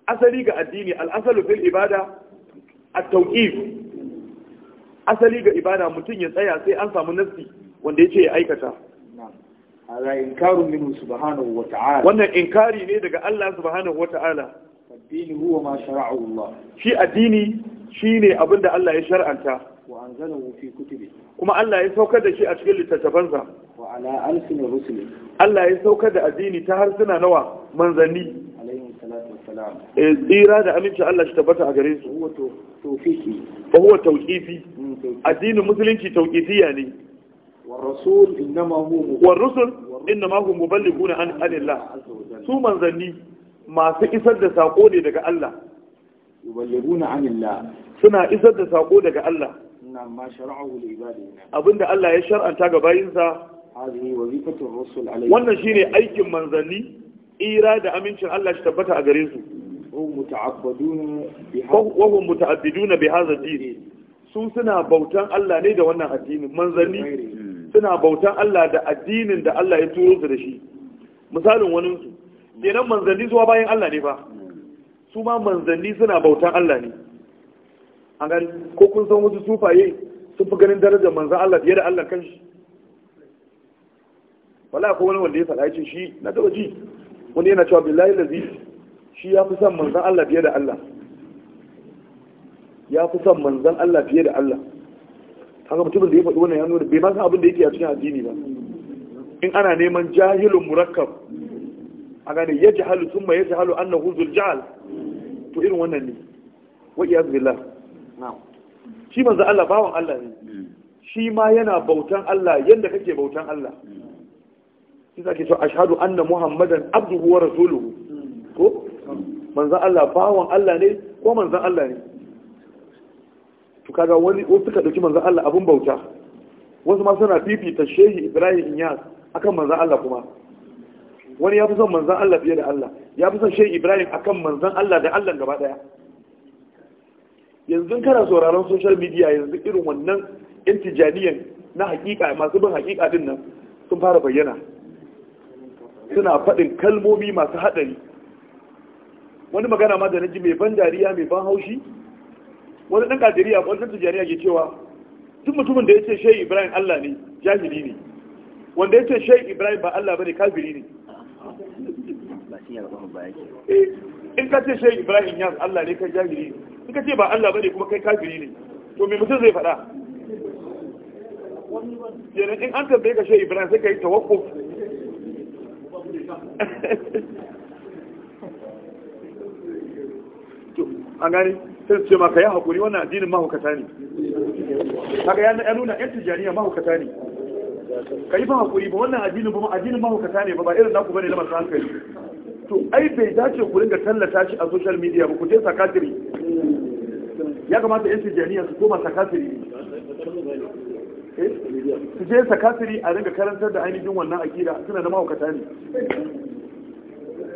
asali ga addini al'asalu fil ibada at-tawqif asali ga ibada mutum ya tsaya sai an samu nafsi wanda yace ya aikata ala inkaru minhu subhanahu wa ta'ala wannan inkari ne daga Allah subhanahu wa ta'ala addini huwa ma shara'ahu Allah shi addini shine abinda Allah ya shar'anta wa anzalahu fi kutubi kuma Allah ya saukar da shi a cikin littattafansa Allah ya saukar da addini ta harsuna nawa manzanni eh tsira da aminci Allah shi tabbata a gare su fa huwa tawqifi mm, addinin musulunci tawqifiya ne والرسول إنما هو والرسل إنما هو مبلغون عن عن الله su manzanni masu isar da sako ne daga Allah yuballighuna an Allah suna isar da sako daga Allah inna ma shar'ahu li ibadihi abinda Allah ya shar'anta ga bayinsa wannan shine aikin manzanni ira da amincin Allah shi tabbata a gare su wahum muta'abbiduna bi hadha din su suna bautan Allah ne da wannan addinin manzanni suna bautan Allah da addinin da Allah ya turo su da shi misalin wani su kenan manzanni zuwa bayan Allah ne ba su ma manzanni suna bautan Allah ne an gani ko kun san wasu sufaye sun fi ganin darajar manzan Allah fiye da Allah kan shi. wala ko wani wanda ya faɗa ce shi na taɓa ji wani yana cewa billahi lazi shi ya fi son manzan Allah fiye da Allah ya fi son manzan Allah fiye da Allah haka mutumin da ya faɗi wannan ya nuna bai ma san abin da yake a cikin addini ba in ana neman jahilun murakkab a gane ya halu sun ya an annahu zul jahal to irin wannan ne wa iyaz billah shi manzan Allah bawan Allah ne hmm. shi ma yana bautan Allah yadda kake bautan Allah hmm. shi zake cewa ashhadu anna muhammadan abduhu wa rasuluhu ko manzan Allah bawon Allah ne ko manzan Allah ne to kaga wani wasu suka dauki manzan Allah abun bauta wasu ma suna fifita shehi Ibrahim Inyas akan manzan Allah kuma wani ya fi son manzan Allah fiye da Allah ya fi son shehi Ibrahim akan manzan Allah da Allah gaba daya yanzu kana sauraron social media yanzu irin wannan intijaniyan na hakika masu bin hakika din nan sun fara bayyana suna faɗin kalmomi masu haɗari wani magana ma da naji mai ban dariya mai ban haushi wani ɗan kajeriya wani ɗan tijjaniya ke cewa duk mutumin da ya ce shai ibrahim allah ne jahili ne wanda ya ce shai ibrahim ba allah ba ne kafiri ne eh, in ka ce shai ibrahim ya allah ne kai jahili ne in ka ce ba allah ba ne kuma kai kafiri ne to me mutum zai faɗa yanayin in an tambaye ka shai ibrahim sai ka yi tawakkuf an gani sai ce maka ya haƙuri wannan addinin mahaukata ne haka ya nuna yan tijjaniya mahaukata ne ka yi ba haƙuri ba wannan addinin ba addinin mahaukata ne ba ba irin naku bane masu hankali to ai bai dace ku ringa tallata shi a social media ba ku je sakatiri ya kamata yan tijjaniya su koma sakatiri su je sakasiri a ringa karantar da ainihin wannan akida suna da mahaukata ne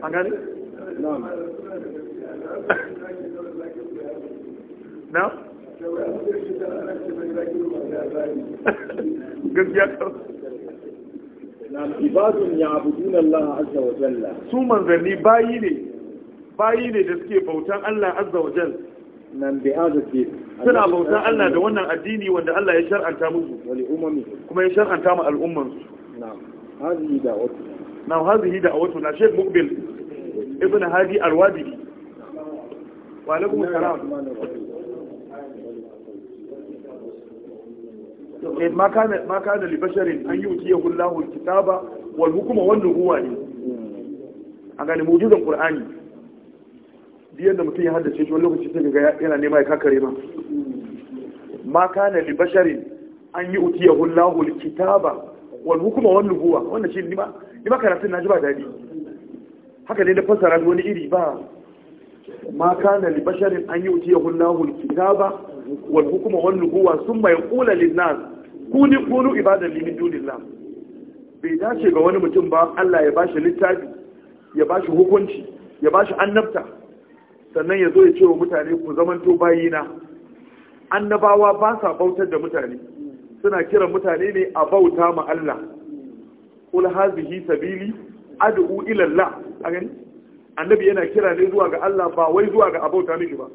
an gani? na? gaskiya ibadun ya abudun Allah azza wa jalla su manzanni bayi ne bayi ne da suke bautan Allah azza wa nan bi azabi suna bauta Allah da wannan addini wanda Allah ya shar'anta musu wali umami kuma ya shar'anta mu al'umman su na'am hadhihi da'watu na'am hadhihi na Sheikh Mukbil ibn Hadi Al-Wadi wa alaikum salam eh, ma kana ma kana li basharin an yuti yahullahu kitaba wal hukuma wannan huwa ne an gane mu'jizan qur'ani da mutum ya haddace shi wani lokaci sai ga yana nema ya kakare ma ma kana li basharin an yi utiya hullahu kitaba wal hukuma wal nubuwa wannan shi ni nima ni na karatun ba dadi haka ne da fasara wani iri ba ma kana li basharin an yi utiya hullahu kitaba wal hukuma wal nubuwa thumma yaqulu lin nas kuni kunu ibadan li min dunillah bai dace ga wani mutum ba Allah ya bashi littafi ya bashi hukunci ya bashi annabta sannan ya zo ya ce wa mutane ku zamanto bayina annabawa ba sa bautar da mutane suna kiran mutane ne a bauta ma Allah kul hazihi sabili ad'u ila Allah gani annabi yana kira ne zuwa ga Allah ba wai zuwa ga abauta miki ba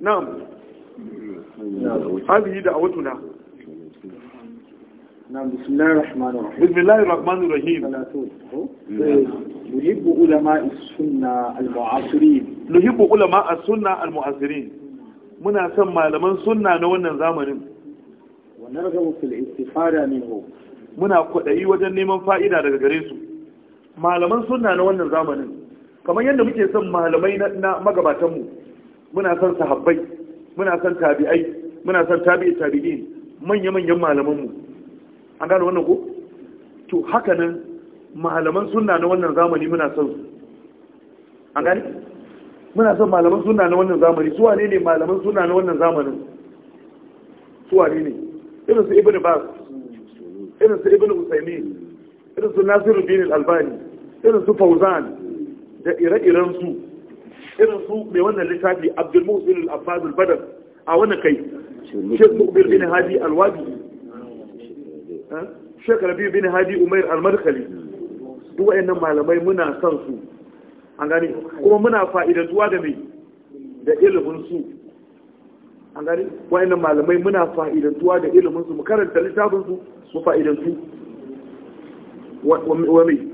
na'am hazihi da'awatuna نعم بسم الله الرحمن الرحيم بسم الله الرحمن الرحيم يحب علماء السنة المعاصرين nuhibbu ulama as-sunna al-mu'asirin muna son malaman sunna na wannan zamanin wa narghabu fil istifada minhu muna kwadayi wajen neman fa'ida daga gare su malaman sunna na wannan zamanin kamar yadda muke son malamai na magabatan mu muna son sahabbai muna son tabi'ai muna son tabi'i tabi'in manya manyan malaman mu an gano wannan ko to haka nan malaman sunna na wannan zamani muna son su an gani muna son malaman suna na wannan zamani suwa ne ne malaman suna na wannan zamanin suwa ne ne irinsu su ibn bas irin su ibn usaimi irin Irinsu nasiru bin albani Irinsu fauzan da ire-iren su mai wannan littafi abdul al-abbadul badar a wannan kai shekaru mukbir bin hadi alwadi shek bin hadi Umar al-madkhali duk wayannan malamai muna son su an gane kuma muna fa'idantuwa da mai da ilimin an gane wa'annan malamai muna fa'idantuwa da ilimin mu karanta littafinsu su su fa'idantu wa mai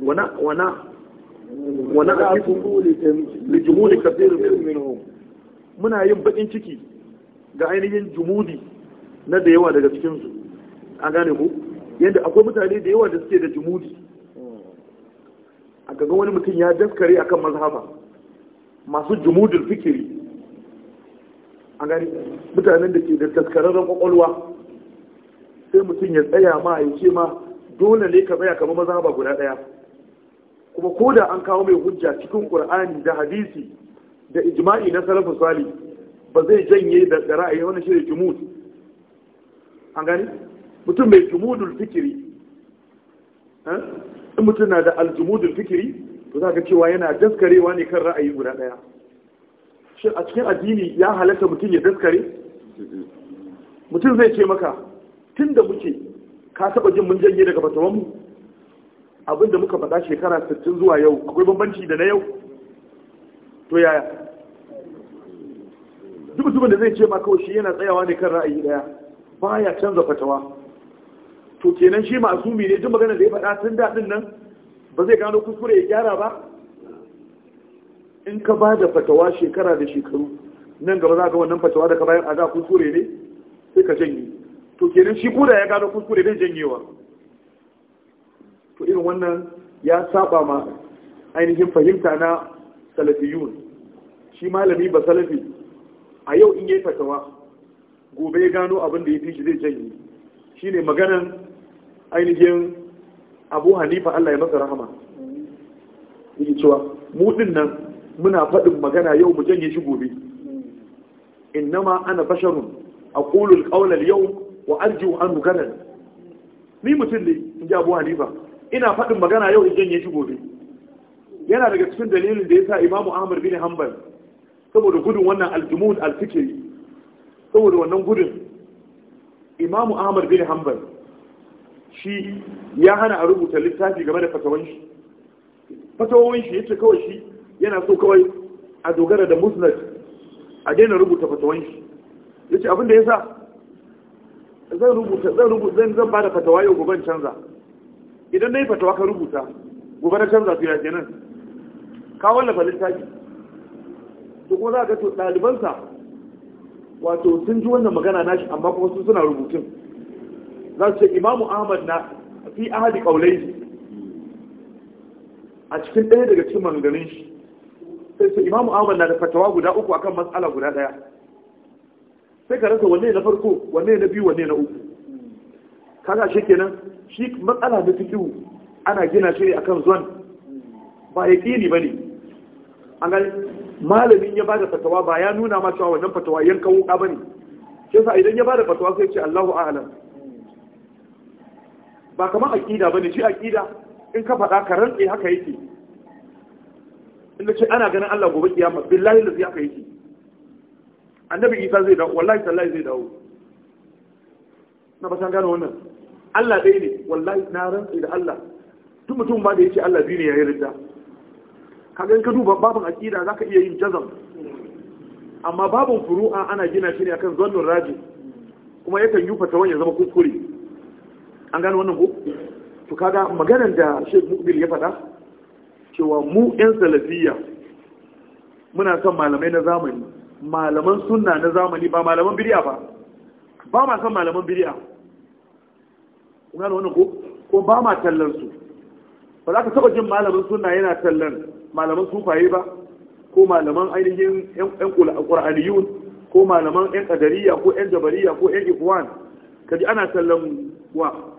wana wana wana kafirin minhum muna yin baƙin ciki ga ainihin jumudi na da yawa daga cikinsu an gane ku yadda akwai mutane da yawa da suke da jumudi a kaga wani mutum ya daskare a kan mazhaba masu jumudul fikiri a gani mutanen da ke da daskararren kwakwalwa sai mutum ya tsaya ma ya ce ma dole ne ka tsaya kamar mazhaba guda ɗaya kuma ko da an kawo mai hujja cikin qur'ani da hadisi da ijma'i na salafus sali, ba zai janye da ra'ayi wani shi jumud an gani mutum mai jumudul fikiri eh? in mutum na da aljumudul fikiri to za ka cewa yana daskarewa ne kan ra'ayi guda ɗaya shi a cikin addini ya halatta mutum ya daskare mutum zai ce maka tun da muke ka taɓa jin mun janye daga mu abin da muka faɗa shekara 60 zuwa yau akwai bambanci da na yau to yaya duk mutumin da zai ce maka shi yana tsayawa ne kan ra'ayi ɗaya baya canza fatawa to kenan shi masumi ne duk magana da ya faɗa tun daɗin nan ba zai gano kuskure ya gyara ba in ka ba da fatawa shekara da shekaru nan gaba za ga wannan fatawa da ka bayar a za kuskure ne sai ka janye to kenan shi ko ya gano kuskure zai janyewa to irin wannan ya saba ma ainihin fahimta na salafiyun shi malami ba salafi a yau in yi fatawa gobe ya gano abin da ya fi shi zai janye Shi ne maganan ainihin abu hanifa Allah ya masa rahama yi cewa mu nan muna faɗin magana yau mu janye shi gobe innama ana basharun a al-qawla yau yawm wa arju an gadan ni mutum ne in ji abu hanifa ina faɗin magana yau in janye shi gobe yana daga cikin dalilin da ya sa imamu ahmad bin hanbal saboda gudun wannan aljumun alfikiri saboda wannan gudun imamu ahmad bin hanbal shi ya hana a rubuta littafi game da fatawan shi fatawan shi yace kawai shi yana so kawai a dogara da musnad a daina rubuta fatawan shi yace abin da yasa zan rubuta zan rubuta zan zan bada fatawa yau gobe canza idan nayi fatawa ka rubuta gobe na canza su ya kenan ka wallafa littafi to kuma za ka to ɗalibansa wato sun ji wannan magana nashi amma kuma sun suna rubutun za su ce imamu ahmad na fi ahadi kaulai a cikin ɗaya daga cikin maganganun shi sai su imamu ahmad na da fatawa guda uku akan matsala guda ɗaya sai ka rasa wanne na farko wanne na biyu wanne na uku kaga shi kenan shi matsala na fikihu ana gina shi akan zon ba ya ƙini ba ne an gani malamin ya bada fatawa ba ya nuna ma cewa wannan fatawa yankan wuka ba ne shi yasa idan ya bada fatawa sai ce allahu a'alam ba kamar aƙida ba ne shi aƙida in ka faɗa ka rantse haka yake inda ce ana ganin Allah gobe kiyama billahi lazi haka yake annabi isa zai dawo wallahi tallahi zai dawo na basan gano wannan Allah ɗaya ne wallahi na rantse da Allah tun mutum ba da ya ce Allah biyu ne ya yi ridda Ka in ka duba babin aƙida za ka iya yin jazam amma babin furu'a ana gina shi ne akan zannin raji kuma yakan yi wani ya zama kuskure an gano wannan ko to kaga maganar da Sheikh Mukbil ya faɗa cewa mu ƴan salafiyya muna son malamai na zamani malaman sunna na zamani ba malaman bid'a ba ba ma son malaman bid'a kun gano wannan ko ko ba ma tallan su ba za ka taba jin malamin sunna yana tallan malaman sufaye ba ko malaman ainihin ƴan qur'aniyun ko malaman ƴan qadariyya ko ƴan jabariyya ko ƴan ikwan kaji ana tallan wa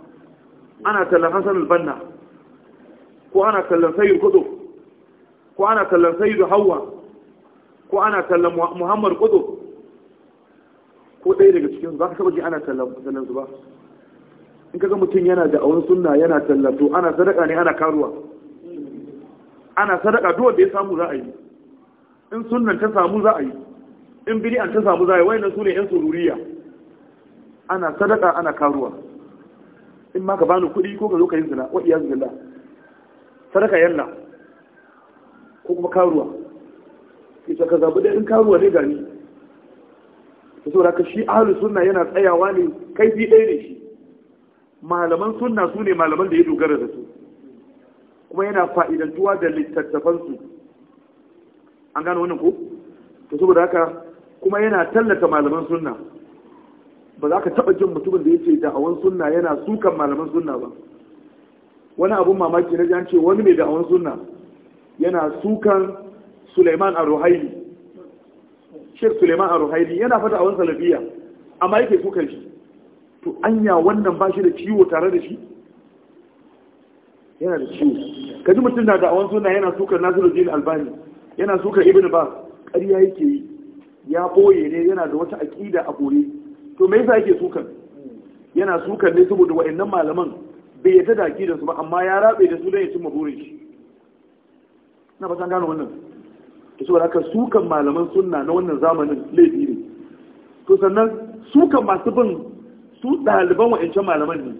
ana kallon hassan albanna ko ana kallon sayyid kudu ko ana kallon sayyid hawa ko ana kallon muhammad kudu ko ɗaya daga cikin za ka taba ji ana kallon su ba in kaga mutum yana da awon sunna yana kallon to ana sadaka ne ana karuwa ana sadaka duk da ya samu za a yi in sunnan ta samu za a yi in bid'an ta samu za a yi wayannan su ne yan sururiya ana sadaka ana karuwa in ma ka bani kuɗi ko ka zo ka yi zina wa iyazu billah sadaka yalla ko kuma karuwa sai ka zabi da in karuwa ne gani to saboda ka shi ahlus sunna yana tsayawa ne kaifi ɗaya ne shi malaman sunna su ne malaman da ya dogara da su kuma yana fa'idantuwa da su. an gano wannan ko to saboda haka kuma yana tallata malaman sunna ba za ka taɓa jin mutumin da yake da'awan sunna yana sukan malaman sunna ba wani abun mamaki na jan ce wani mai da'awan sunna yana sukan Suleiman a ruhaili Sheikh Suleiman a ruhaili yana fata awan salafiya amma yake sukan shi to anya wannan ba shi da ciwo tare da shi yana da ciwo kaji mutum na da'awan sunna yana sukan Nasiruddin Albani yana sukan Ibn ba. ƙarya yake yi ya boye ne yana da wata aƙida a boye to me yasa yake sukan yana sukan ne saboda wa'annan malaman bai yadda da da su ba amma ya rabe da su don ya ci burin shi na ba san gano wannan to saboda haka sukan malaman sunna na wannan zamanin laifi ne to sannan sukan masu bin su ɗaliban wa'ancan malaman ne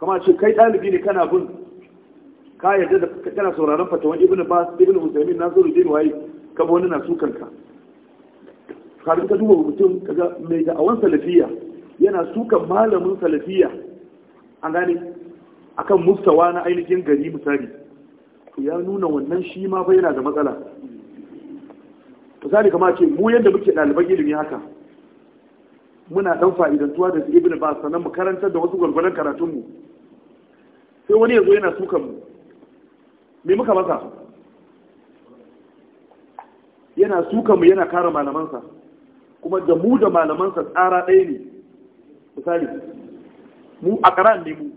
kama ce kai ɗalibi ne kana bin ka yadda da kana sauraron fatawan ibn bas ibn usaimin nasiruddin waye ka wani na sukan ka karin ka duba mutum kaga mai awan salafiya yana sukan malamin salafiya an gane akan mustawa na ainihin gari misali to ya nuna wannan shi ma fa yana da matsala misali kamar ce mu yadda muke ɗaliban ilimi haka muna ɗan fa'idantuwa da ibn ba sannan mu karantar da wasu gwargwadon karatunmu sai wani yanzu yana sukan mu me muka masa yana sukan mu yana kare malamansa kuma da mu da malamansa tsara ɗaya ne misali mu a ƙaran ne mu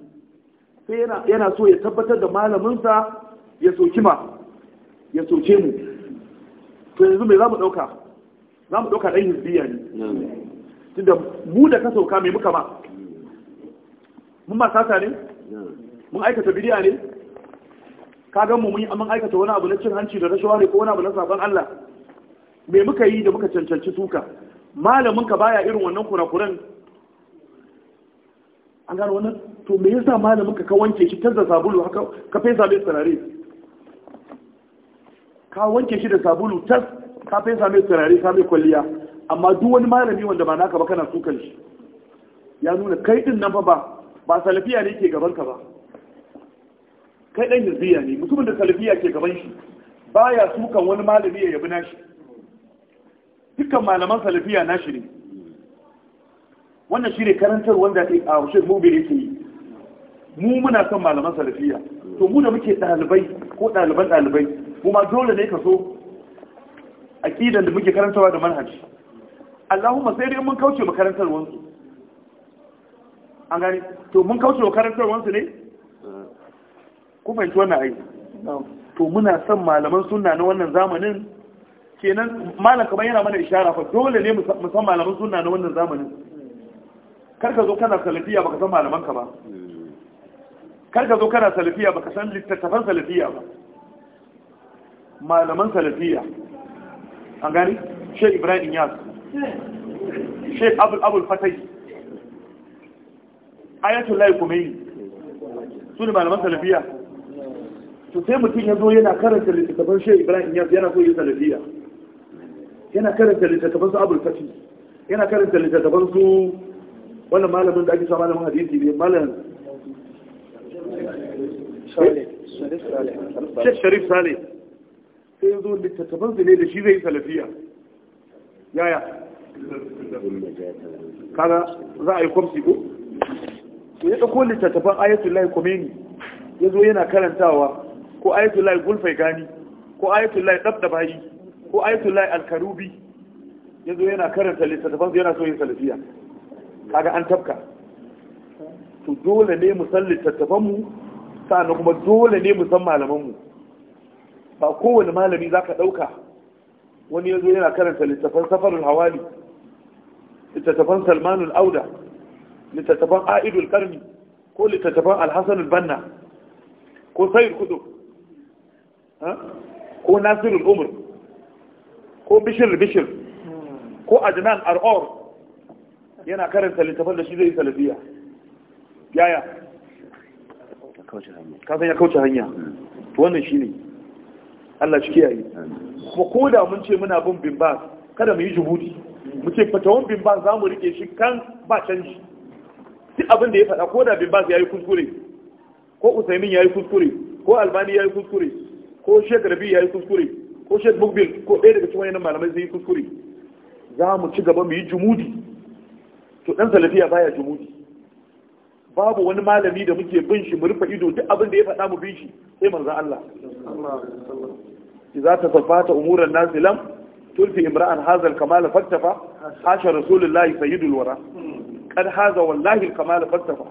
sai yana so ya tabbatar da malaminsa ya soki ma ya soke mu to yanzu mai za mu ɗauka za mu ɗauka ɗan hizbiya ne tunda mu da ka sauka mai muka ma mun ba sata ne mun aikata bidiya ne ka gan mu mun yi aikata wani abu na cin hanci da rashawa ne ko wani abu na sabon Allah me muka yi da muka cancanci suka malamin ka baya irin wannan kurakuran an gano wannan to me yasa malamin ka ka wanke shi tazza sabulu haka ka fesa mai turare ka wanke shi da sabulu tas ka fesa mai turare ka mai kwalliya amma duk wani malami wanda ba naka ba kana sukan shi ya nuna kai din nan fa ba ba salafiya ne ke gaban ka ba kai dan ya ne mutumin da salafiya ke gaban shi baya sukan wani malami ya yabi nashi dukkan malaman salafiya na shi ne wannan shi ne karantar wanda a rushe mubir yake yi mu muna son malaman salafiya to mu da muke ɗalibai ko ɗaliban ɗalibai mu ma dole ne ka so kidan da muke karantarwa da manhaji Allahumma sai dai mun kauce ma karantarwansu an gani to mun kauce ma karantarwansu ne ku fahimci wannan aiki to muna son malaman sunna na wannan zamanin kenan malam kamar yana mana ishara fa dole ne mu san malaman sunna na wannan zamanin kar ka zo kana salafiya baka san malaman ka ba kar ka zo kana salafiya baka san littattafan salafiya ba malaman salafiya an gani Shey Ibrahim Yas Sheikh abul abul Fatai Ayatollah Khomeini su ne malaman salafiya to sai mutum ya zo yana karanta littattafan shey Ibrahim Yas yana so yi salafiya yana karanta littattafan su abul fati yana karanta littattafan su wannan malamin da ake sa malamin hadisi ne malam shek Sharif Saleh sai yanzu littattafan su ne da shi zai salafiya yaya kaga za a yi kwamsi ko to ya ɗauko littattafan ayatullahi komeni ya zo yana karantawa ko ayatullahi gulfai gani ko ayatullahi ɗabɗabayi ko ayatullahi al-karubi yazo yana karanta littattafan yana so yin salafiya kaga an tabka. to dole ne mu san littattafan mu sannan kuma dole ne mu san malaman mu ba kowane malami zaka dauka wani yazo yana karanta littattafan safarul hawali littattafan salmanul auda littattafan aidul karmi ko littattafan alhassanul banna ko Sayyid kudu ko nasirul umar ko bishir bishir ko adnan ar'or yana karanta littafin da shi zai salafiya yaya ka san ya kauce hanya to wannan ne, Allah shi kiyaye kuma ko da mun ce muna bin bin ba kada mu yi juhudi mu ce fatawan bin ba za mu rike shi kan ba canji duk abin da ya faɗa ko da bin ba ya yi kuskure ko usaimin ya yi kuskure ko albani ya yi kuskure ko shekarabi ya yi kuskure ko shek mukbil ko ɗaya daga cikin wayannan malamai zai yi kuskure za mu ci gaba mu yi jumudi to dan salafiya baya jumudi babu wani malami da muke bin shi mu rufe ido duk abin da ya faɗa mu bin shi sai manzon Allah idza tasaffata umuran nas lam tulfi imra'an hazal kamal fattafa hasha rasulullahi sayyidul wara qad hadha wallahi kamal fattafa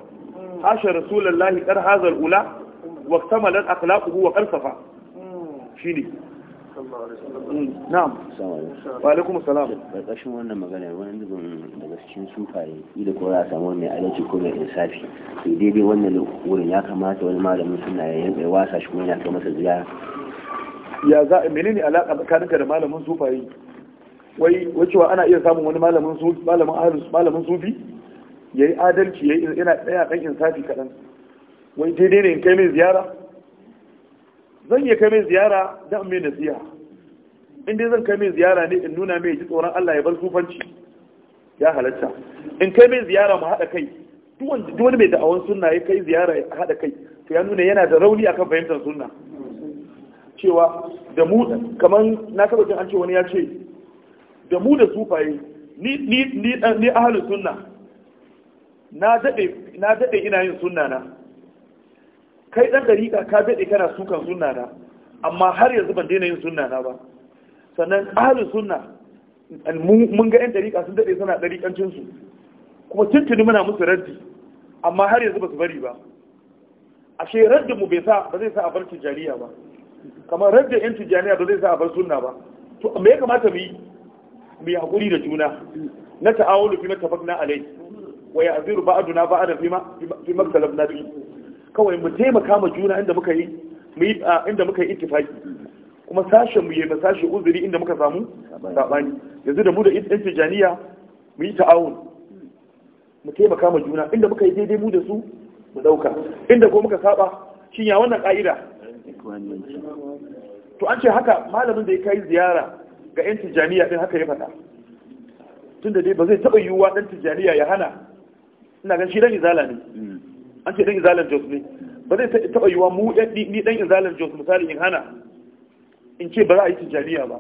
hasha rasulullahi qad hadha al-ula واكتملت اخلاقه وقلصفه شيني Mm, na'am wa alaikum salam karkashin wannan magana wani dubin daga cikin sufaye ida ko za a samu mai alaji ko mai insafi to daidai wannan wurin ya kamata wani malamin suna ya wasa shi kuma yana kai masa ziyara ya za a menene alaƙa tsakaninka da malamin sufaye wai wacewa ana iya samun wani malamin sufi malamin ahlus malamin sufi yayi adalci yayi yana ɗaya kan insafi kaɗan wai daidai ne in kai mai ziyara zan iya kai mai ziyara da mai nasiha in dai zan kai mai ziyara ne in nuna mai ji tsoron Allah ya bar sufanci ya halatta in kai mai ziyara mu haɗa kai duk wani mai da'awan sunna ya kai ziyara ya haɗa kai to ya nuna yana da rauni akan fahimtar sunna cewa da mu kamar na taɓa jin an ce wani ya ce da mu da sufaye ni ni ni ahlus sunna na daɗe na ina yin sunna na kai ɗan dariƙa ka daɗe kana sukan sunna na amma har yanzu ban daina yin sunna na ba sannan ahalin sunna mun ga ɗan dariƙa sun daɗe suna ɗariƙancinsu kuma tuntuni muna musu raddi amma har yanzu ba su bari ba ashe raddin mu bai sa ba zai sa a bar tijaniya ba kamar raddin 'yan tijaniya ba zai sa a bar sunna ba to me ya kamata mu yi mu yi haƙuri da juna na ta'awulu fi matafakna alai wa ya'ziru ba'duna ba fi ma fi maktalabna bihi kawai mu taimaka ma juna inda muka yi inda muka yi ittifaki kuma sashen mu yayi sashen uzuri inda muka samu sabani yanzu da mu da ɗan tijaniya mu yi ta'awun mu taimaka ma juna inda muka yi daidai mu da su mu dauka inda ko muka saba shin ya wannan ka'ida to an ce haka malamin da ya kai ziyara ga yan tijaniya din haka ya fata? tunda dai ba zai taɓa yiwuwa ɗan tijaniya ya hana ina gan shi dan izala ne an ce dan izalar jos ne ba zai taɓa yiwa mu ni dan izalar jos misali in hana in ce ba za a yi tijjaniya ba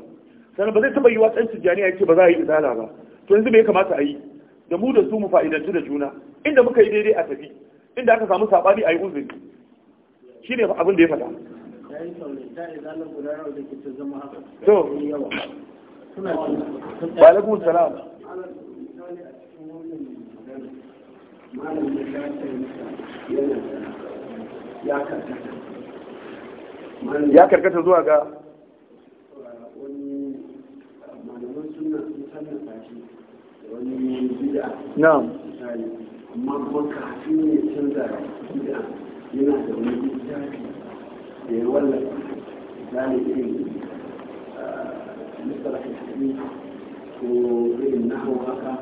sannan ba zai taɓa yiwa ɗan tijjaniya ya ce ba za a yi izala ba to yanzu me ya kamata a yi da mu da su mu fa'idantu da juna inda muka yi daidai a tafi inda aka samu saɓani a yi uzuri shi ne abin da ya faɗa to ba alaikum salam malam ya yana ya karkata ya karkata zuwa ga wani malaman suna sun sannan shi wani gida na'am amma kuma kafin ya canza gida yana da wani littafi da ya wallafa zalibin ah, mustalahin hadisi ko irin nahawa haka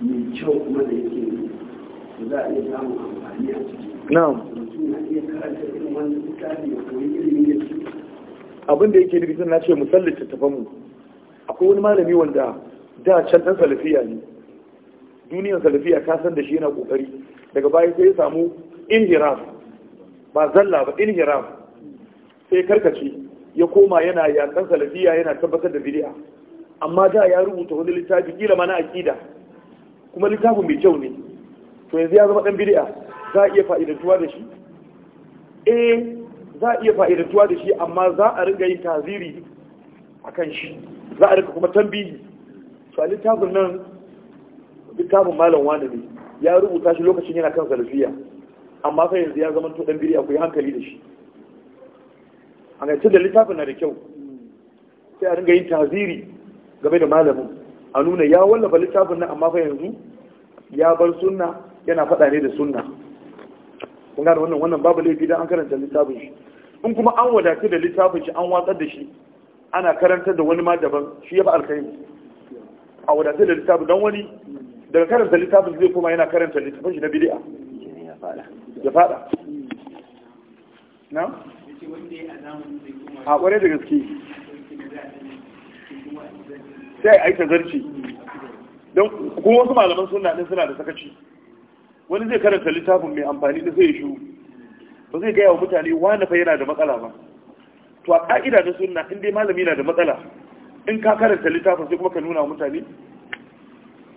mai kyau kuma da yake yi za a abin da yake nufi na ce musallin mu. akwai wani malami wanda da can ɗan salafiya ne duniyar salafiya ka san da shi yana ƙoƙari daga baya sai ya samu inhiraf ba zalla ba inhiraf sai karkace ya koma yana yakan salafiya yana tabbatar da bid'a amma da ya rubuta wani littafi kila mana akida kuma littafin mai kyau ne to yanzu ya zama ɗan bid'a za a iya fa'idantuwa da shi eh za a iya fa'idantuwa da shi amma za a riga yin taziri kan shi za a riga kuma tambihi to a littafin nan littafin malon wani ne ya rubuta shi lokacin yana kan salafiya amma sai yanzu ya zama to ɗan bid'a ku yi hankali da shi a ga da littafin na da kyau sai a riga yin taziri game da malamin a nuna ya wallafa littafin nan amma fa yanzu ya bar sunna yana faɗa ne da sunna kun gane wannan wannan babu laifi dan an karanta littafin shi in kuma an wadatu da littafin shi an watsar da shi ana karantar da wani ma daban shi ya fi alkhairi a wadatar da littafin don wani daga karanta littafin zai kuma yana karanta littafin shi na bidi'a ya fada na? a kware da gaske sai a yi tazarci don kuma wasu malaman suna ɗin suna da sakaci wani zai karanta littafin mai amfani da zai shiru ba zai gaya wa mutane wani fa yana da matsala ba to a ka'ida na suna in dai malami yana da matsala in ka karanta littafin sai kuma ka nuna wa mutane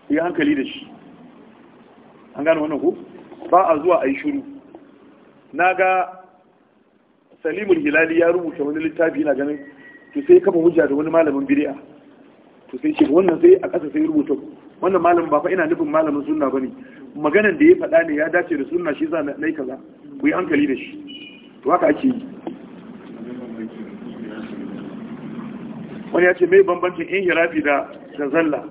ku yi hankali da shi an gane wannan ko ba a zuwa a yi shiru na ga salimun hilali ya rubuta wani littafi yana ganin to sai kafa hujja da wani malamin bid'a to sai ce wannan sai a ƙasa sai rubuta wannan malamin ba fa ina nufin malamin sunna bane Maganar da ya faɗa ne ya dace da sunna shi za na yi kaza ku yi hankali da shi to haka ake yi wani ya ce mai bambancin in hirafi da zalla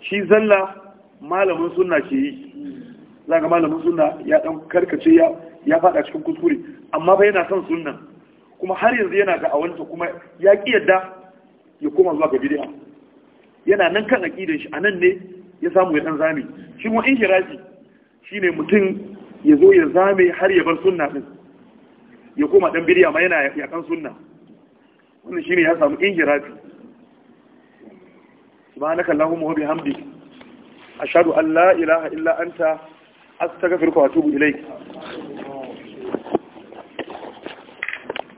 shi zalla malamin sunna ke yi za ga malamin sunna ya ɗan karkace ya faɗa cikin kuskure amma ba yana son sunna kuma har yanzu yana ga awanta kuma ya ƙi yadda ya koma zuwa ga bid'a yana nan kan aƙidan shi a nan ne ya samu ya ɗan zami shi mu in hirafi shine mutum ya zo ya zame har ya bar sunna din ya koma dan birya ma yana yakan sunna wannan shine ya samu injirafi subhanaka allahumma wa bihamdik ashhadu an la ilaha illa anta astaghfiruka wa atubu ilayk